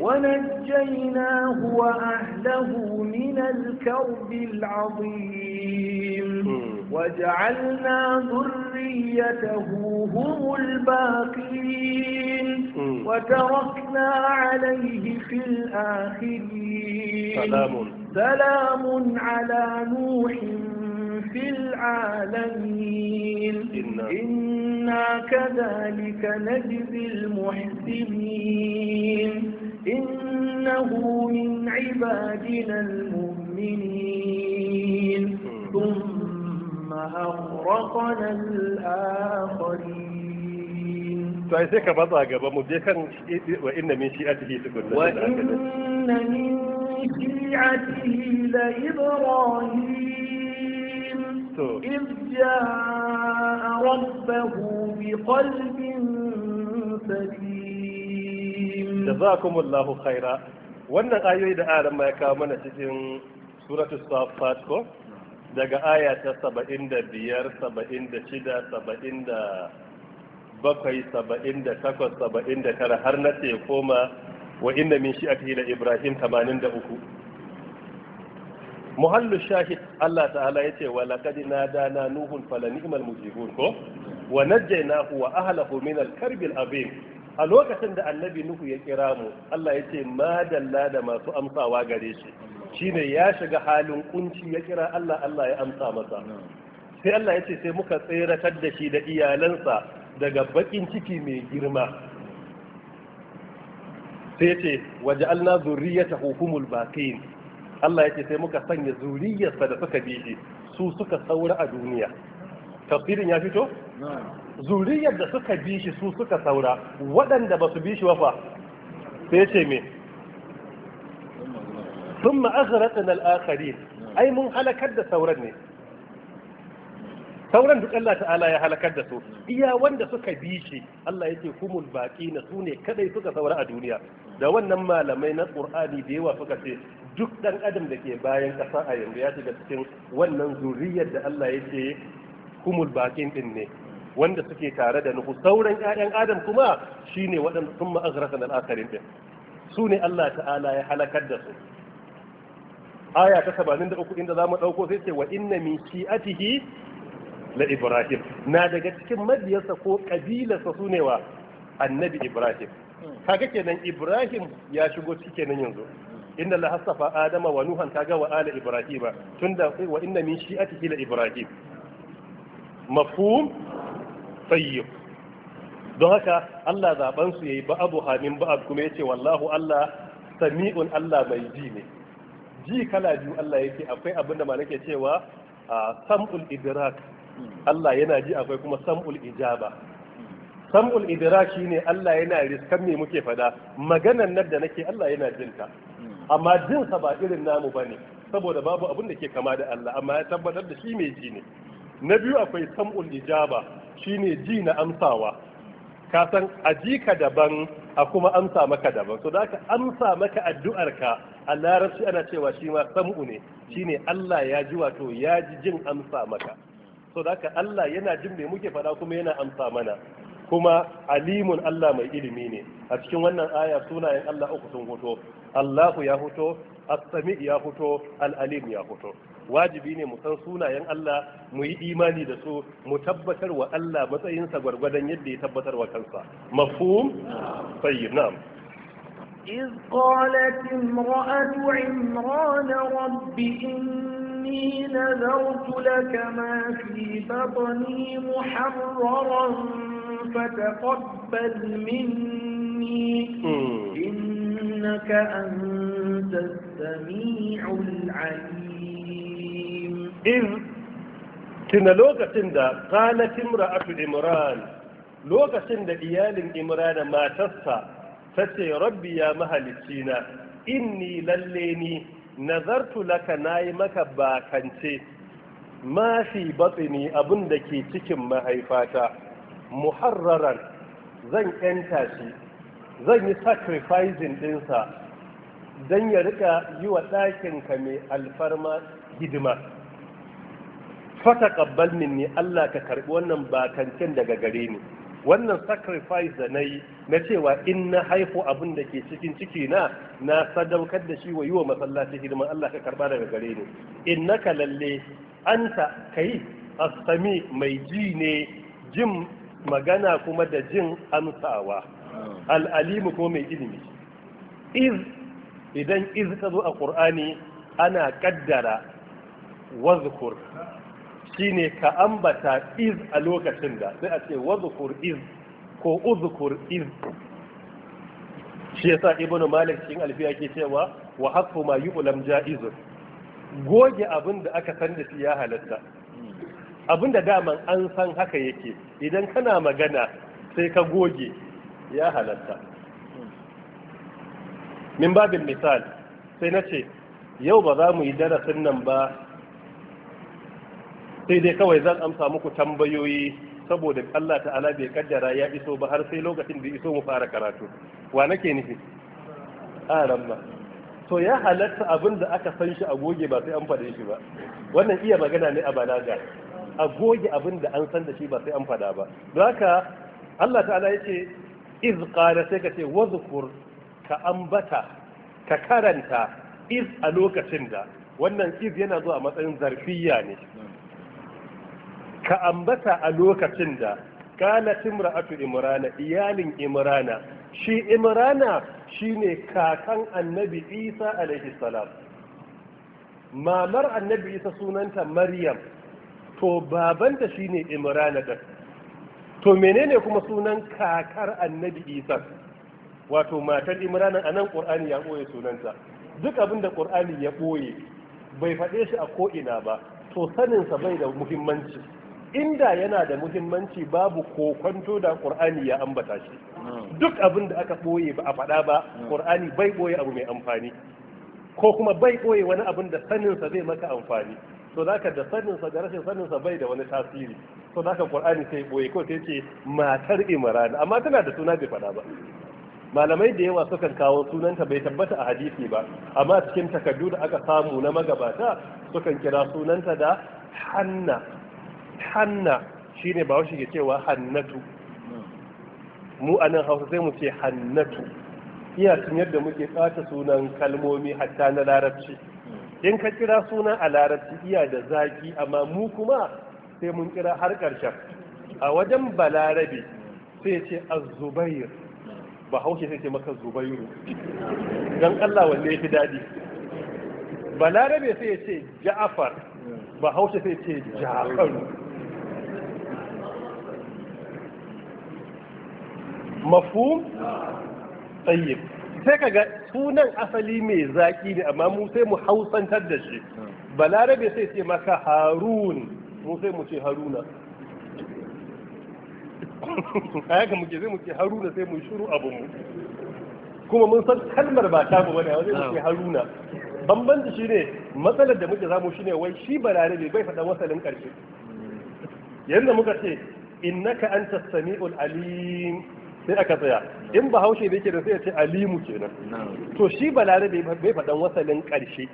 ونجيناه وأهله من الكرب العظيم وجعلنا ذريته هم الباقين وتركنا عليه في الآخرين سلام سلام على نوح في العالمين إنا, كذلك نجزي المحسنين إنه من عبادنا المؤمنين ثم أغرقنا الآخرين فإذا sai ka matsa وإن من je kan wa inna شيعته لإبراهيم إذ جاء ربه بقلب سليم جزاكم الله خيرا wannan ayoyi da aran ya kawo mana cikin suratu safat ko daga aya ta 75 76 77 bakwai saba'in da takwas saba'in da tara har na ce koma wa inna min shi'atihi la ibrahim 83 muhallu shahid Allah ta'ala yace wa laqad nadana nuhun falani'mal mujibun ko wa najjaynahu wa ahlahu min al-karbi al-azim a lokacin da annabi nuhu ya kira mu Allah yace ma dalla da masu amsawa gare shi shine ya shiga halin kunci ya kira Allah Allah ya amsa masa sai Allah yace sai muka tseratar da shi da iyalansa daga bakin ciki mai girma sai waje waja'alna zurriyatahu humul baqin Allah ya ce sai muka sanya zuriyarsa da suka bi shi su suka saura a duniya tafsirin ya fito zuriyar da suka bi shi su suka saura waɗanda ba su bi shi wafa sai ce me sun ma'azaratan al'akari ai mun halakar da sauran ne sauran duk Allah ta'ala ya halakar da su iya wanda suka bi shi Allah yake kumul baki na su ne kadai suka saura a duniya da wannan malamai na Qur'ani da yawa suka ce duk dan adam da ke bayan kasa a yanzu ya shiga cikin wannan zuriyar da Allah yake kumul bakin din ne wanda suke tare da nuhu sauran ƴaƴan adam kuma shine waɗanda sun ma'azratan na akhirin din su ne Allah ta'ala ya halakar da su aya ta 73 inda zamu dauko sai ce wa inna min shi'atihi na Ibrahim na daga cikin mabiyarsa ko kabilarsa su wa annabi Ibrahim kaga kenan Ibrahim ya shigo cikin nan yanzu inna Allah hasafa adama wa nuhan kaga wa ala ibrahim tunda wa inna min shi'atihi la ibrahim mafhum tayyib don haka Allah zaben su yayi ba'abu hamin ba'ab kuma yace wallahu Allah sami'un Allah mai ji ne ji kala biyu Allah yake akwai abinda ma nake cewa sam'ul idrak Allah yana ji akwai kuma sam'ul ijaba sam'ul shi ne Allah yana riskan me muke fada maganan nan da nake Allah yana jinta amma jinsa ba irin namu bane saboda babu abin da ke kama da Allah amma ya tabbatar da shi mai ji ne na biyu akwai sam'ul ijaba shine ji na amsawa ka san a ji ka daban a kuma amsa maka daban so da amsa maka addu'ar ka a larabci ana cewa shi ma sam'u ne shine Allah ya ji wato ya ji jin amsa maka so da Allah yana jin mai muke faɗa kuma yana amsa mana kuma alimun Allah mai ilimi ne a cikin wannan aya sunayen Allah uku sun hoto Allahu ya hoto as ya hoto Al-Alim ya hoto wajibi ne mu san sunayen Allah mu yi imani da su mu tabbatar wa Allah matsayinsa gwargwadon yadda ya tabbatar wa kansa mafhum tayyib na'am إذ قالت امرأة عمران رب إني نذرت لك ما في بطني محررا فتقبل مني إنك أنت السميع العليم إذ تنلوك تندى قالت امرأة عمران لوغة تندى إيال عمران ما تصفى ta ce rabbi ya mahalicci na inni lalle ni nazartu laka na yi maka bakance ma fi batsini abin da ke cikin mahaifata muharraran zan yanta shi zan yi sacrificing dinsa don ya rika yi wa ɗakinka mai alfarma hidima fata ƙabbal ni Allah ka karɓi wannan bakancin daga gare ni wannan sacrifice da na yi na cewa in na haifu abin da ke cikin ciki na na sadaukar da shi wa yi masallaci hidiman Allah ka karba daga gare ni in na ka lalle anta kai asami mai ji ne jin magana kuma da jin amsawa al'alimu kuma mai ilimi iz idan iz ta zo a ƙur'ani ana kaddara wazkur shine ka ambata iz a lokacin da sai a ce wazukur iz ko uzukur iz shi sa ibnu malik cikin alfiya ke cewa wa haqqu ma yi yu'lam ja'izun goge abin da aka san da shi ya halatta abin da daman an san haka yake idan kana magana sai ka goge ya halatta min babin misal sai na ce yau ba za mu yi darasin nan ba sai dai kawai zan amsa muku tambayoyi saboda Allah ta'ala bai kaddara ya iso ba har sai lokacin da iso mu fara karatu wa nake nufi ramma. to ya halatta abin da aka san shi a goge ba sai an fada shi ba wannan iya magana ne a balaga a goge abin da an san da shi ba sai an faɗa ba don haka Allah ta'ala yace iz qala sai ka ce wadhkur ka ambata ka karanta iz a lokacin da wannan iz yana zuwa a matsayin zarfiya ne ka ambata a lokacin da kanat imra'atu imrana iyalin imrana shi imrana shine kakan annabi isa alaihi salam mamar annabi isa sunanta maryam to babanta shine imrana da to menene kuma sunan kakar annabi isa wato matar imrana anan qur'ani ya boye sunanta duk abin da qur'ani ya boye bai faɗe shi a ko ina ba to saninsa bai da muhimmanci inda yana da muhimmanci babu kokonto da qur'ani ya ambata shi duk abin da aka boye ba a faɗa ba qur'ani bai boye abu mai amfani ko kuma bai boye wani abin da saninsa zai maka amfani to zaka da saninsa da rashin saninsa bai da wani tasiri to zaka qur'ani sai boye ko sai ce matar imran amma tana da suna bai fada ba malamai da yawa sukan kawo sunanta bai tabbata a hadisi ba amma cikin takaddu da aka samu na magabata sukan kira sunanta da hanna hanna ne ba shi ke cewa hannatu mu a nan hausa sai mu ce hannatu iyakun yadda muke tsata sunan kalmomi hatta na larabci in ka kira suna a larabci iya da zaki amma mu kuma sai mun kira har ƙarshen a wajen balarabe sai ce azubair ba haushe sai ce maka zubairu don allah wanne ya fi daɗi balarabe sai ce ja'afar ba haushe sai ce ja'afar mafhum tayyib sai ga sunan asali mai zaki ne amma mu sai mu hausantar da shi balarabe sai ce maka harun mu sai mu ce haruna a [laughs] yaka muke sai mu ce haruna sai mu shiru abu mu kuma mun san kalmar ba ta ba wani wajen ce haruna bambanci ne matsalar da muke zamu ne wai shi balarabe bai faɗa wasalin ƙarshe yadda muka ce innaka anta sami'ul alim sai aka tsaya in bahaushe da yake da sai ya ce alimu kenan to shi balarabe bai faɗan wasalin ƙarshe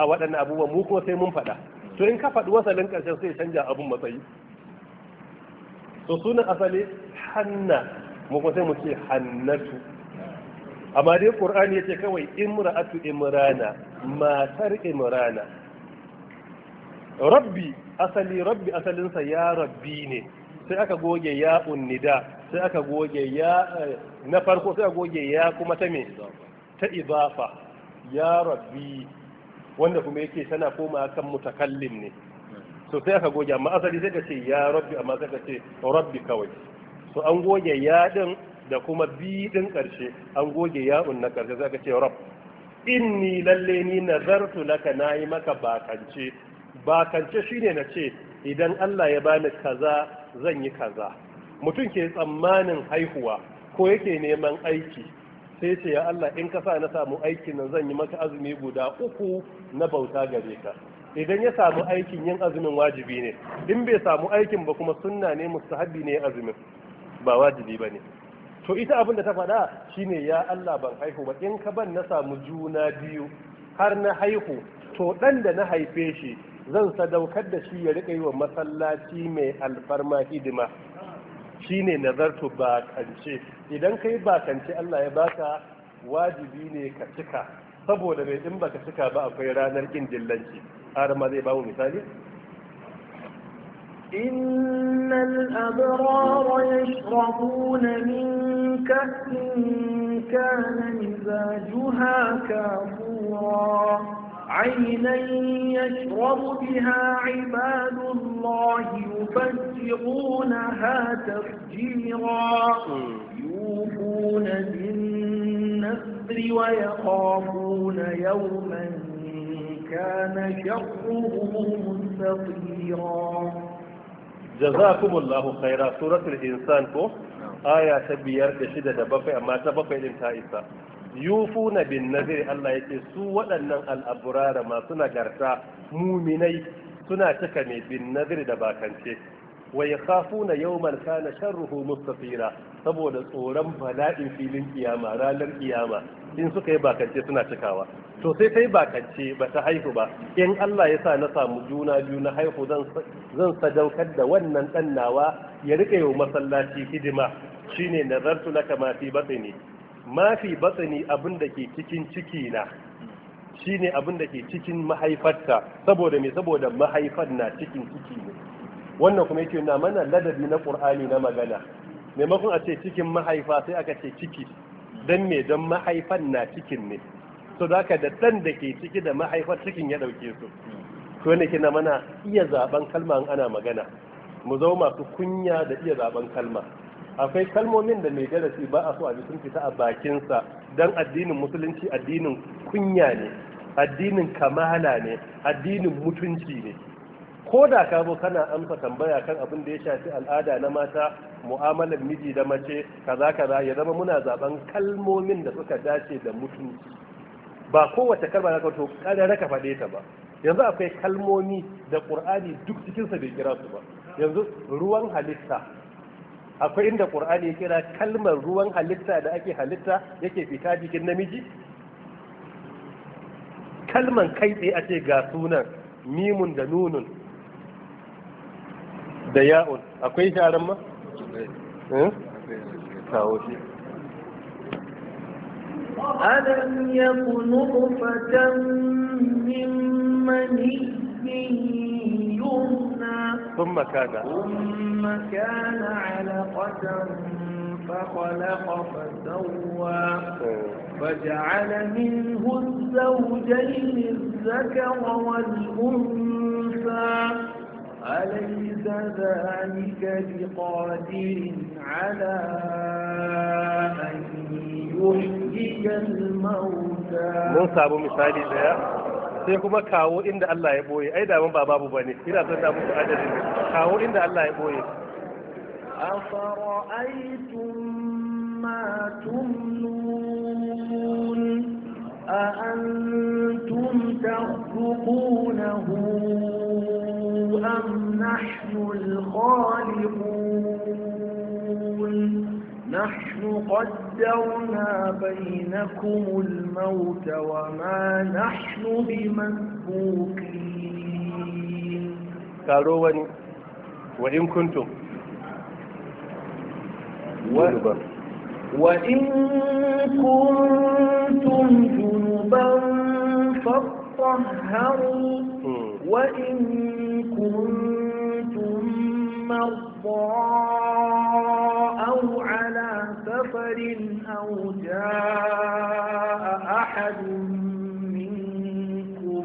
a waɗannan abubuwan mu kuma sai mun faɗa to in ka faɗi wasalin karshe sai canja abun matsayi to sunan asali hanna mu kuma sai mu ce hannatu amma dai qur'ani yace kawai imra'atu imrana matar imrana rabbi asali rabbi asalinsa ya rabbi ne sai aka goge ya nida' sai aka goge ya na farko sai aka goge ya kuma ta me ta idafa ya rabbi wanda kuma yake tana koma kan mutakallim ne so sai aka goge amma asali sai ka ce ya rabbi amma sai ka ce rabbi kawai so an goge ya din da kuma bi din karshe an goge ya'un na karshe sai ka ce rabb inni lalle ni nazartu laka nayi maka bakance bakance shine na ce idan Allah ya bani kaza zan yi kaza mutum ke tsammanin haihuwa ko yake neman aiki sai ce ya Allah in ka sa na samu aikin nan zan yi maka azumi guda uku na bauta gare ka idan ya samu aikin yin azumin wajibi ne in bai samu aikin ba kuma sunna ne mustahabi ne azumin ba wajibi ba ne to ita abin da ta faɗa shine ya Allah ban haihu ba in ka ban na samu juna biyu har na haihu to ɗan da na haife shi zan sadaukar da shi ya riƙa yi wa masallaci mai alfarma hidima shine nazartu bakance idan kai bakance Allah ya baka wajibi ne ka cika saboda mai in baka cika ba akwai ranar kin dillanci har ma zai bawo misali إن الأبرار يشربون من كأس كان مزاجها كافورا عينا يشرب بها عباد الله يفجرونها تفجيرا يوفون بالنذر ويخافون يوما كان شره مستطيرا جزاكم الله خيرا سورة الإنسان كو آية تبير كشدة دبقى أما تبقى الانتائسة yufuna bin nazir Allah yake su waɗannan al'aburara masu nagarta muminai suna cika mai bin nazir da bakance wa na yawman kana sharruhu mustafira saboda tsoron bala'in filin kiyama ranar kiyama in suka yi bakance suna cikawa to sai ta bakance ba ta haihu ba in Allah ya sa na samu juna biyu na haihu zan sadaukar da wannan ɗan nawa ya riƙe yau masallaci hidima shine nazartu laka ma fi batni ma fi abin da ke cikin ciki na shine abin da ke cikin mahaifarta saboda me saboda mahaifar na cikin ciki ne wannan kuma yake na mana ladabi na ƙur'ani na magana maimakon a ce cikin mahaifa sai aka ce ciki don me don mahaifar na cikin ne so zaka da ɗan da ke ciki da mahaifar cikin ya ɗauke su to ne na mana iya zaben kalma ana magana mu zama masu kunya da iya zaben kalma akwai kalmomin da mai darasi ba a so a bisun fita a bakinsa don addinin musulunci addinin kunya ne addinin kamala ne addinin mutunci ne ko da ka zo kana amsa tambaya kan abin da ya shafi al'ada na mata mu'amalar miji da mace kaza kaza ya zama muna zaben kalmomin da suka dace da mutunci ba kowace kalma ka to kada ka faɗe ta ba yanzu akwai kalmomi da ƙur'ani duk cikinsa bai kira su ba yanzu ruwan halitta akwai inda ƙur'ani ya kira kalmar ruwan halitta da ake halitta yake fita jikin namiji kalman kai tsaye a ce ga sunan mimun da nunun da ya'un akwai sharan ma? Eh? kawo ya ثم كان ثم كان علقة فخلق فسوى إيه. فجعل منه الزوجين الذكر والأنثى أليس ذلك بقادر على أن يحيي الموتى موسى أبو مثالي sai kuma kawo inda Allah ya boye ai da ba babu bane ina son da muku adadin kawo inda Allah ya boye afara'aytum ma tumnun أأنتم تخلقونه أم نحن الخالقون نحن قد قدرنا بينكم الموت وما نحن بمسبوقين قالوا وإن كنتم و... وإن كنتم جنبا فاطهروا وإن كنتم مرضى أو سفر أو جاء أحد منكم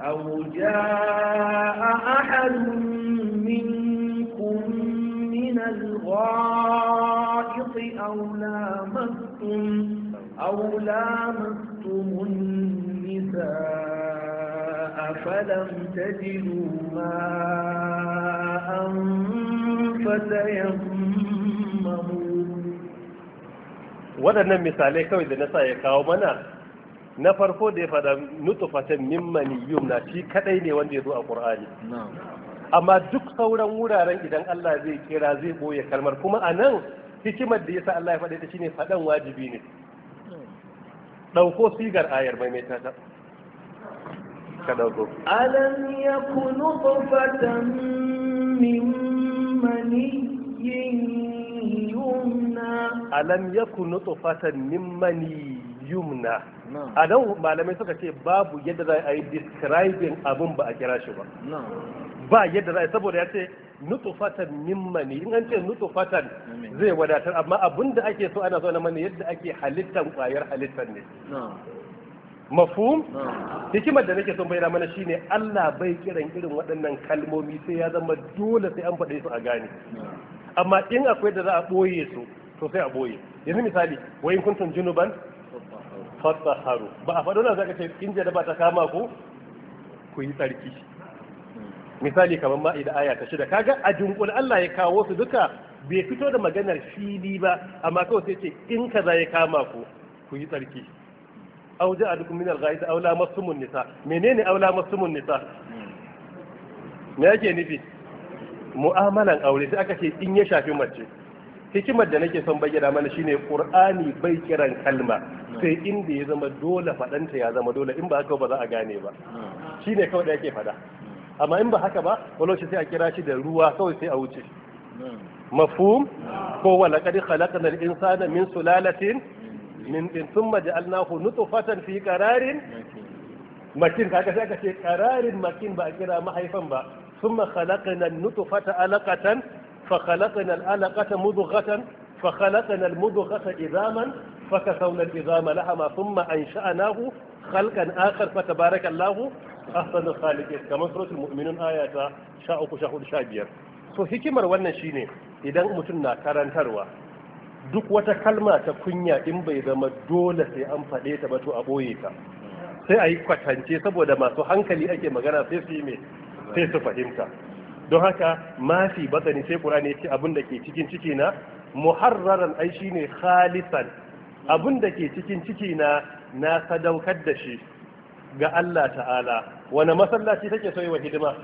أو جاء أحد منكم من الغائط أو لامستم أو لامستم النساء فلم تجدوا ماء فتيمموا waɗannan misalai kawai da na sa ya kawo mana na farko da ya faɗa nutufatan mimman na shi kadai ne wanda ya zo a ƙur'ani amma duk sauran wuraren idan Allah zai kira zai boye kalmar kuma a nan hikimar da ya sa Allah ya fada ta shine faɗan wajibi ne ɗauko sigar ayar mai mai ta ka ɗauko alam yakunu nutfatan mimman alam yakun nutfatan min mani yumna a nan malamai suka ce babu yadda za a yi describing abin ba a kira shi ba ba yadda za a saboda ya ce nutufatan min mani in an ce nutufatan zai wadatar amma abun da ake so ana so na mani yadda ake halittan kwayar halittar ne mafhum hikimar da nake son bayyana mana shine Allah bai kiran irin waɗannan kalmomi sai ya zama dole sai an faɗe su a gane amma in akwai da za a ɓoye su to sai a boye yanzu misali wa in kuntum junuban Haru. ba a faɗo nan ka ce in ba ta kama ku ku yi tsarki misali kamar idan aya ta shida kaga a jinkul Allah ya kawo su duka bai fito da maganar fili ba amma kawai sai ce in kaza ya kama ku ku yi tsarki auja ja'alukum min al-ghaiz aw lamassumun nisa menene aw lamassumun nisa me yake nufi mu'amalan aure sai aka ce in ya shafi mace hikimar da nake son bayyana mana shine qur'ani bai kiran kalma hmm. sai inda ya zama dole fadanta ya zama dole in ba haka ba za a gane ba hmm. shine kawai da yake fada hmm. amma in ba haka ba shi sai a kira shi da ruwa kawai sai a wuce mafhum ko wala qad khalaqna al-insana min sulalatin min din thumma ja'alnahu nutfatan fi qararin makin kaga sai aka ce qararin makin ba a kira mahaifan ba thumma khalaqna an-nutfata alaqatan فخلقنا العلقة مضغة فخلقنا المضغة عظاما فكسونا العظام لحما ثم أنشأناه خلقا آخر فتبارك الله أحسن الخالقين كما سورة المؤمنون آية شاء شاء شابير so hikimar wannan shine idan mutum na karantarwa duk wata kalma ta kunya in bai zama dole sai an faɗe ta ba to a ɓoye ta sai a yi kwatance saboda masu hankali ake magana sai su yi mai sai su fahimta don haka mafi batsani sai qur'ani ya ce abin da ke cikin ciki na muharraran ai shine khalisan abin da ke cikin ciki na na sadaukar da shi ga Allah ta'ala wani masallaci take so yi wa hidima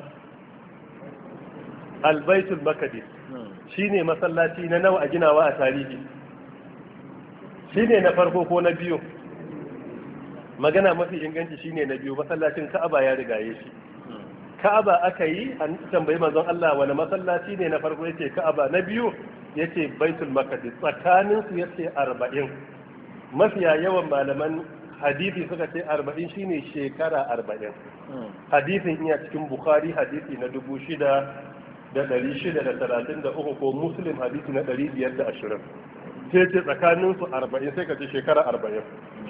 albaitul makadis shine masallaci na nawa a ginawa a tarihi shine na farko ko na biyu magana mafi inganci shine na biyu masallacin ka'aba ya rigaye shi ka'aba aka yi an tambayi manzon Allah wani masallaci ne na farko yace ka'aba na biyu yace baitul maqdis tsakanin su yace 40 mafiya yawan malaman hadisi suka ce 40 shine shekara 40 hadisin iya cikin bukhari hadisi na 6633 ko muslim hadisi na 520 sai ce tsakanin su 40 sai ka ce shekara 40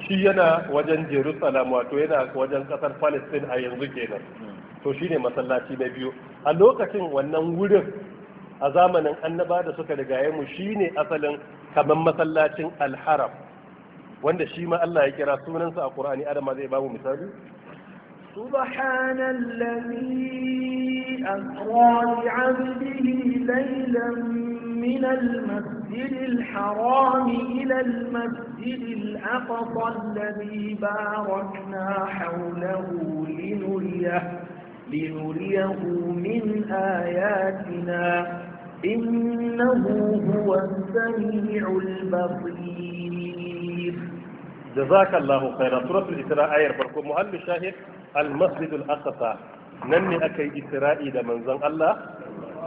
shi yana wajen jerusalem wato yana wajen kasar palestine a yanzu kenan to shine masallaci na biyu a lokacin wannan wurin a zamanin annaba da suka rigaye mu shine asalin kaman masallacin alharam wanda shi ma Allah ya kira sunansa a ƙura'ani Adama zai babu misali سبحان الذي أسرى بعبده ليلا من المسجد الحرام إلى المسجد الأقصى الذي باركنا حوله لنريه لنريه من آياتنا إنه هو السميع البصير جزاك الله خيرا سورة الإسراء آية فرقم مهم الشاهد المسجد الأقصى نمي أكي إسرائي دا منزن الله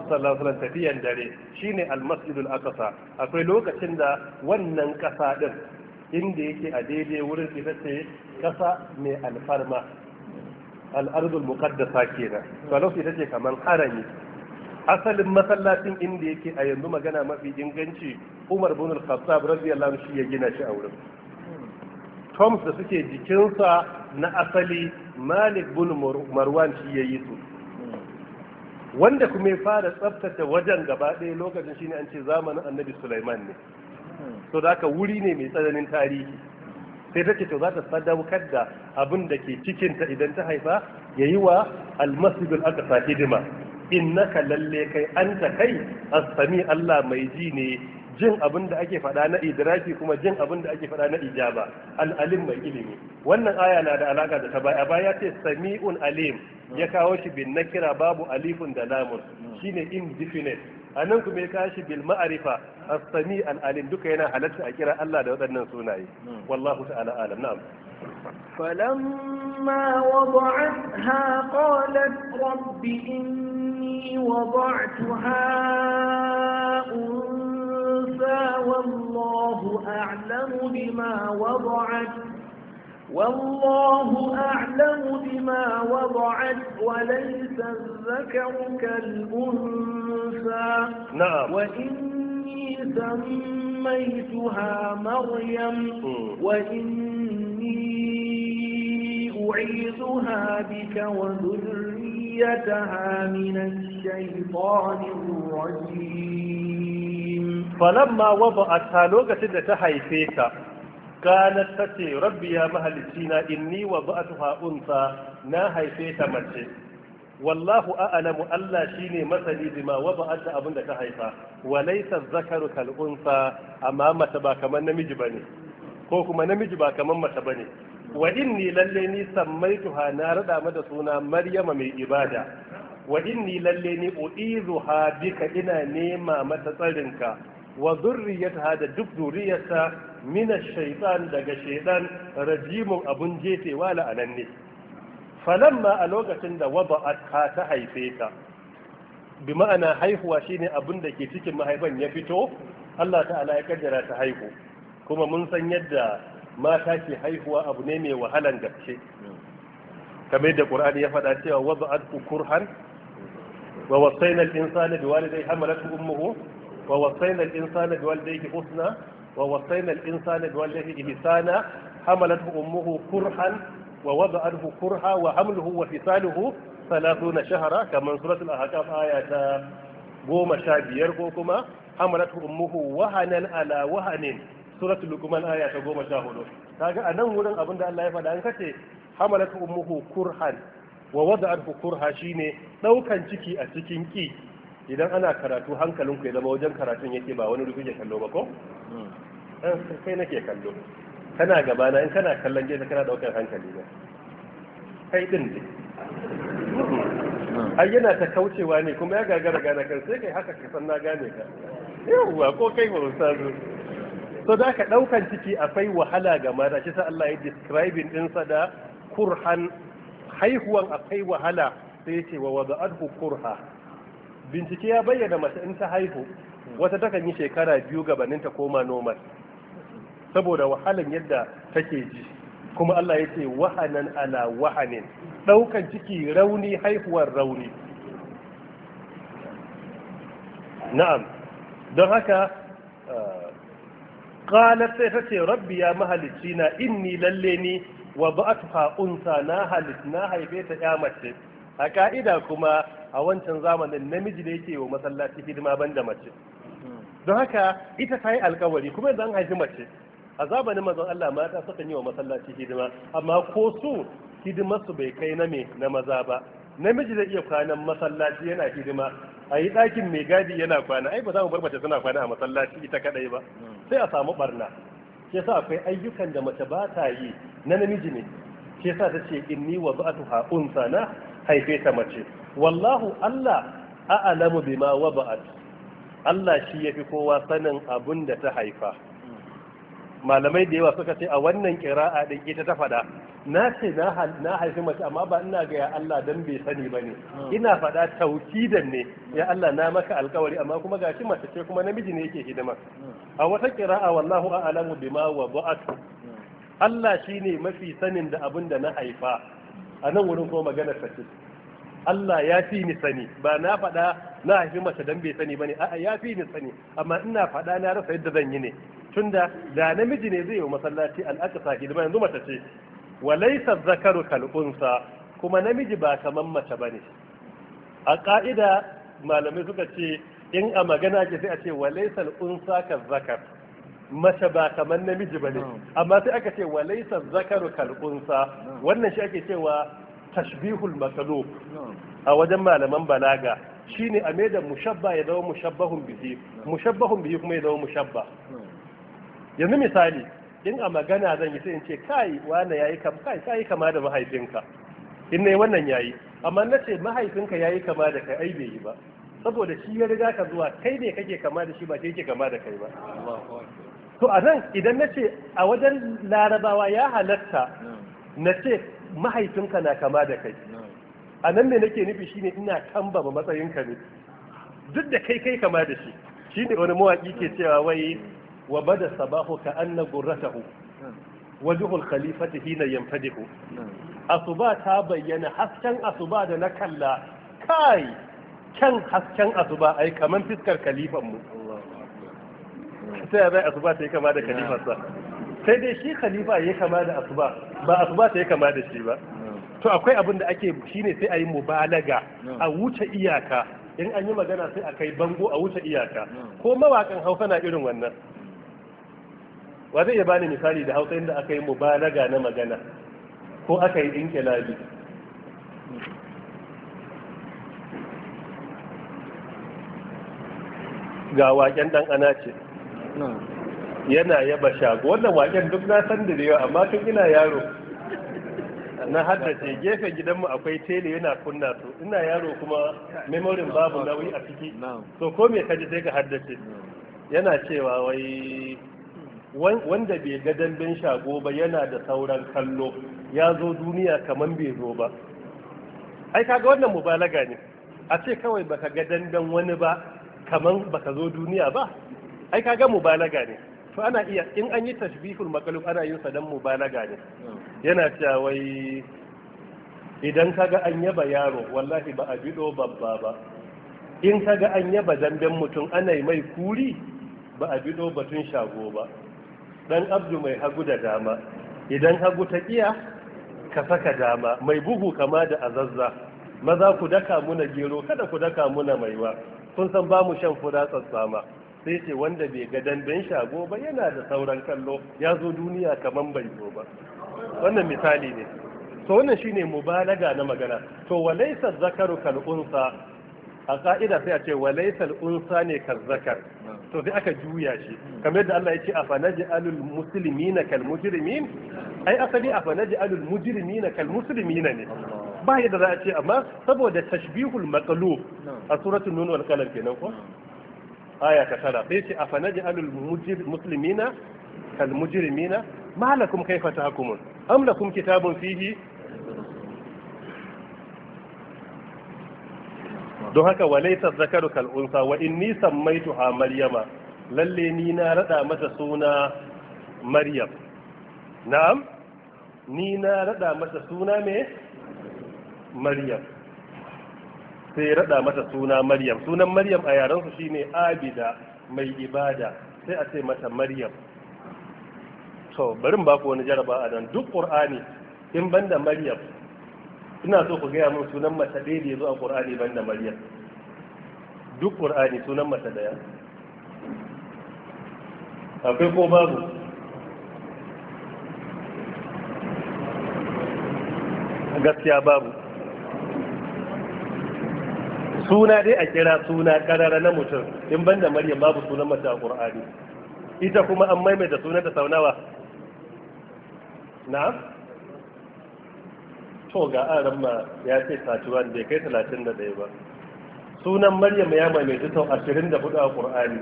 sallallahu alaihi tafiyan dare shine almasjidul aqsa akwai lokacin da wannan kasa din inda yake a daidai wurin ita ce kasa mai alfarma al'arzul muqaddasa kenan salaf ita ce kaman harami asalin masallacin inda yake a yanzu magana mafi inganci Umar bin al-Khattab radiyallahu anhu shi ya gina shi a wurin toms da suke jikinsa na asali Malik bin Marwan shi ya yi su wanda kuma ya fara tsaftace wajen gaba ɗaya lokacin shine an ce zamanin Annabi Sulaiman ne to hmm. da wuri ne mai tsananin tarihi sai take to za ta sadaukar da abin da ke cikinta idan ta haifa ya yi wa almasjidul aqsa hidima innaka lalle kai anta kai asami Allah mai ji ne jin abin da ake faɗa na idraki kuma jin abin da ake faɗa na ijaba al-alim mai ilimi wannan aya na da alaka da ta baya baya ce sami'un alim ya kawo shi bin nakira babu alifun da lamun shine indefinite a nan kuma ya kashi bil ma'arifa a sami al duka yana halatta a kira Allah da waɗannan sunaye wallahu ta'ala alam na'am فلما وضعتها قالت رب إني وضعتها أنثى والله أعلم بما وضعت والله أعلم بما وضعت وليس الذكر كالأنثى نعم وإني سميتها مريم وإني أعيذها بك وذريتها من الشيطان الرجيم فلما وضعتها لوقت تحيفيك kanat tace rabbi ya na inni wa ba'atuha unsa na haife ta mace wallahu a'lamu Allah shine masani bima wa abin da ta haifa wa laysa zakaru kal unsa amma mata ba kaman namiji bane ko kuma namiji ba kaman mace bane wa inni lalle ni sammaituha na rada mata suna maryama mai ibada wa inni lalle ni uizuha bika ina nema mata tsarinka wa zurriyataha da duk zuriyarta mina shaitan daga shaitan rajimun abun jefewa la'ananne falamma a lokacin da waba ka ta haife ta bi ma'ana haihuwa shine abun da ke cikin mahaifan ya fito Allah ta'ala ya kaddara ta haihu kuma mun san yadda mata ke haihuwa abu ne mai wahalan gaske kamar yadda Qur'ani ya faɗa cewa wada'at kurhan wa wasaina al-insana biwalidayhi hamalat ummuhu wa wasaina al-insana biwalidayhi husna wa wasaina al-insana bi waladihi ihsana hamalathu ummuhu kurhan wa wada'athu kurha wa hamluhu wa fisaluhu 30 shahra kaman suratul ahqaf aya ta goma sha biyar ko kuma hamalathu ummuhu wahanan ala wahanin suratul luqman aya ta goma sha hudu kaga a nan wurin abin da Allah ya faɗa an kace hamalatu ummuhu kurhan wa wada'athu kurha shine daukan ciki a cikin ki idan ana karatu hankalinku ya zama wajen karatun yake ba wani rufi ke kallo ba ko sai eh, nake kallo kana gaba na in kana kallon gefe kana daukar hankali ne kai din ne ai yana ta kaucewa ne kuma ya gagara gane kan sai kai haka ka san na gane ka yawwa ko kai ba ustazu so da ka daukan ciki akwai wahala ga mata shi sa Allah ya describing din sa da kurhan haihuwan akwai wahala sai ya ce wa wada'adhu kurha bincike ya bayyana mace in ta haihu wata takan yi shekara biyu gabanin ta koma normal saboda wahalan yadda take ji kuma Allah ya ce wahanan ala wahanin ɗaukan ciki rauni haihuwar rauni na'am don haka ƙalar eh, sai ta ce rabbi ya mahalicci na inni lalle ni wa ba unsa na haife ta ya mace a ka'ida kuma a wancan zamanin namiji da yake wa masallaci hidima da mace don haka ita ta yi alkawari kuma yanzu an haifi mace a zamanin mazan Allah mata saka yi wa masallaci hidima amma ko su hidimarsu bai kai na me na maza ba namiji zai iya kwanan masallaci yana hidima a yi ɗakin mai gadi yana kwana ai ba za mu bar mace suna kwana a masallaci ita kadai ba sai a samu barna ke sa akwai ayyukan da mace ba ta yi na namiji ne ke sa ta ce inni wa ba'atuha unsa na haife ta mace wallahu Allah a'lamu bima ba'ad. Allah shi yafi kowa sanin abun da ta haifa malamai da yawa suka ce a wannan kira'a din ita ta faɗa na ce na haifi mace amma ba ina ga ya Allah dan bai sani ba ne ina faɗa taukidan ne ya Allah na maka alkawari amma kuma shi mace ce kuma namiji ne yake hidima a wata kira'a wallahu a'lamu bima ba'ad. Allah shine mafi sanin da abun da na haifa a nan wurin kuma maganar ce. Allah ya fi ni sani ba na faɗa na haifi mace dan bai sani bane a'a ya fi ni sani amma ina faɗa na rasa yadda zan yi ne tunda da namiji ne zai yi masallaci al'aqsa hidima yanzu mace ce wa zakaru kal unsa kuma namiji ba kaman mace bane a ka'ida malamai suka ce in a magana ke sai a ce wa al unsa zakar mace ba kaman namiji bane hmm. amma sai aka ce wa zakaru kal unsa hmm. wannan shi ake cewa tashbihul makaluk a wajen malaman balaga shine a mai da mushabba ya zama mushabbahun bihi mushabbahun bihi kuma ya zama mushabba yanzu misali in a magana zan yi sai in ce kai wani yayi kam kai kai kama da mahaifinka in nayi wannan yayi amma na ce mahaifinka yayi kama da kai ai bai yi ba saboda shi ya riga ka zuwa kai ne kake kama da shi ba kai yake kama da kai ba to a nan idan na ce a wajen larabawa ya halatta na ce mahaifinka na kama da kai a nan ne nake nufi shine ina kambama matsayinka ne duk da kai kai kama da shi shine wani mawaki ke cewa wai wa bada sabahu ka anna gurratahu wajhul khalifati hina yanfadihu asuba ta bayyana hasken asuba da na kalla kai kyan hasken asuba ai kaman fiskar khalifan mu sai bai kama da khalifarsa sai dai shi khalifa ya kama da asuba ba asuba ta ya kama da shi ba to akwai abin da ake ne sai a yi mubalaga a wuce iyaka in an yi magana sai a kai bango a wuce iyaka ko mawakan hausa na irin wannan wa zai iya bani misali da hausa inda aka yi mubalaga na magana ko aka yi inkilabi ga waken dan ana ce yana yaba shago wannan waken duk na san da yawa amma tun ina yaro na haddace gefe gidanmu akwai tele yana kunna su ina yaro kuma memorin babu nauyi a ciki so ko me kaji sai ka haddace yana cewa wai wanda bai ga dambin shago ba yana da sauran kallo ya zo duniya kamar bai zo ba ai kaga wannan mubalaga ne a ce kawai baka ga dandan wani ba kamar baka zo duniya ba ai kaga mubalaga ne to ana iya in an yi tashbihul maqlub ana yin sa dan mubalaga ne yana cewa wai idan kaga an yaba yaro wallahi ba a bido babba ba in kaga an yaba damben mutum ana mai kuri ba a bido batun shago ba dan abdu mai hagu da dama idan hagu ta iya ka saka dama mai bugu kama da azazza maza ku daka muna gero kada ku daka muna maiwa kun san ba mu shan fura tsatsama sai ce wanda bai ga dandan shago ba yana da sauran kallo ya zo duniya kaman bai zo ba wannan misali ne to wannan shine mubalaga na magana to walaysa zakaru kal unsa a ka'ida sai a ce walaysa al unsa ne kal zakar to sai aka juya shi kamar yadda Allah ya ce afanaj'alul muslimina kal mujrimin ai asali afanaj'alul mujrimina kal muslimina ne ba yadda za a ce amma saboda tashbihul maqlub a suratul nun wal qalam kenan ko aya ta tara sai ce afa naj'alul muslimina kal mujrimina ma lakum kayfa tahkumun am lakum kitabun fihi don haka walaita zakaru kal unsa wa inni ha maryama lalle ni na rada mata suna maryam na'am ni na rada mata suna me maryam sai ya rada mata suna maryam sunan maryam a yarensu shine abida mai ibada sai a ce mata maryam to barin ba ku wani jaraba a nan duk qur'ani in banda maryam ina so ku gaya min sunan mata ɗaya da ya zo a qur'ani banda maryam duk qur'ani sunan mace ɗaya akwai ko babu gaskiya babu suna dai a kira suna karara na mutum in ban da maryam babu sunan mace a ƙur'ani ita kuma an maimaita sunan sau nawa na to ga aran ma ya ce da ya kai talatin da ɗaya ba sunan maryam ya maimaita sau ashirin da hudu a ƙur'ani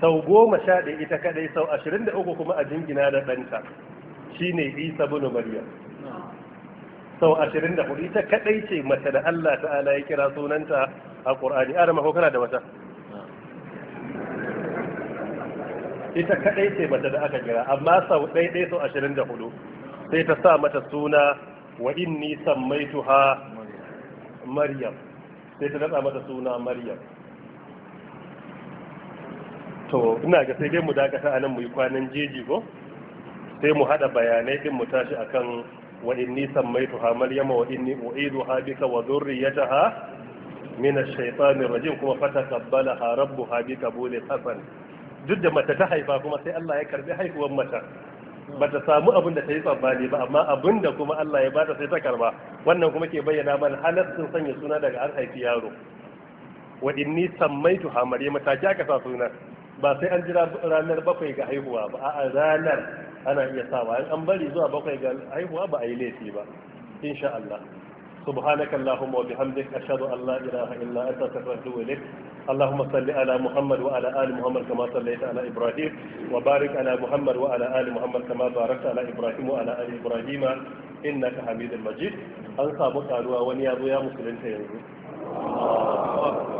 sau goma sha ɗaya ita kadai sau ashirin da uku kuma a jingina da ɗanta shine isa bunu maryam sau ashirin da hudu ita kadai ce mace da Allah ta'ala ya kira sunanta a ƙur'ani, arama ko kana da wata ita kadai ce mace da aka kira amma sau sau ashirin sau hudu sai ta sa mata suna wa inni ha Maryam sai ta nasa mata suna Maryam to ina ga sai dai mu dakata anan mu yi kwanan jeji ko, sai mu hada bayanai din mu tashi akan wa inni sammaituha maryama wa inni u'iduha bika wa dhurriyyataha min ash-shaytanir rajim kuma fataqabbalaha rabbuha bi qabulin hasan duk da mata ta haifa kuma sai Allah ya karbi haihuwar mata bata samu abin da ta yi tsammani ba amma abin da kuma Allah ya bata sai ta karba wannan kuma ke bayyana mana sun sanya suna daga an haifi yaro wa inni sammaitu ha maryama ta ki aka sa sunan ba sai an jira ranar bakwai ga haihuwa ba a ranar ana iya sawa an bari zuwa bakwai ga haihuwa ba a yi laifi ba insha Allah subhanaka allahumma wa bihamdik ashhadu an la ilaha illa anta salli ala muhammad wa ali muhammad wa barik ala ibrahim wa ala ali ibrahim innaka hamidul an samu karuwa wani yazo ya musulunta yanzu Allahu Akbar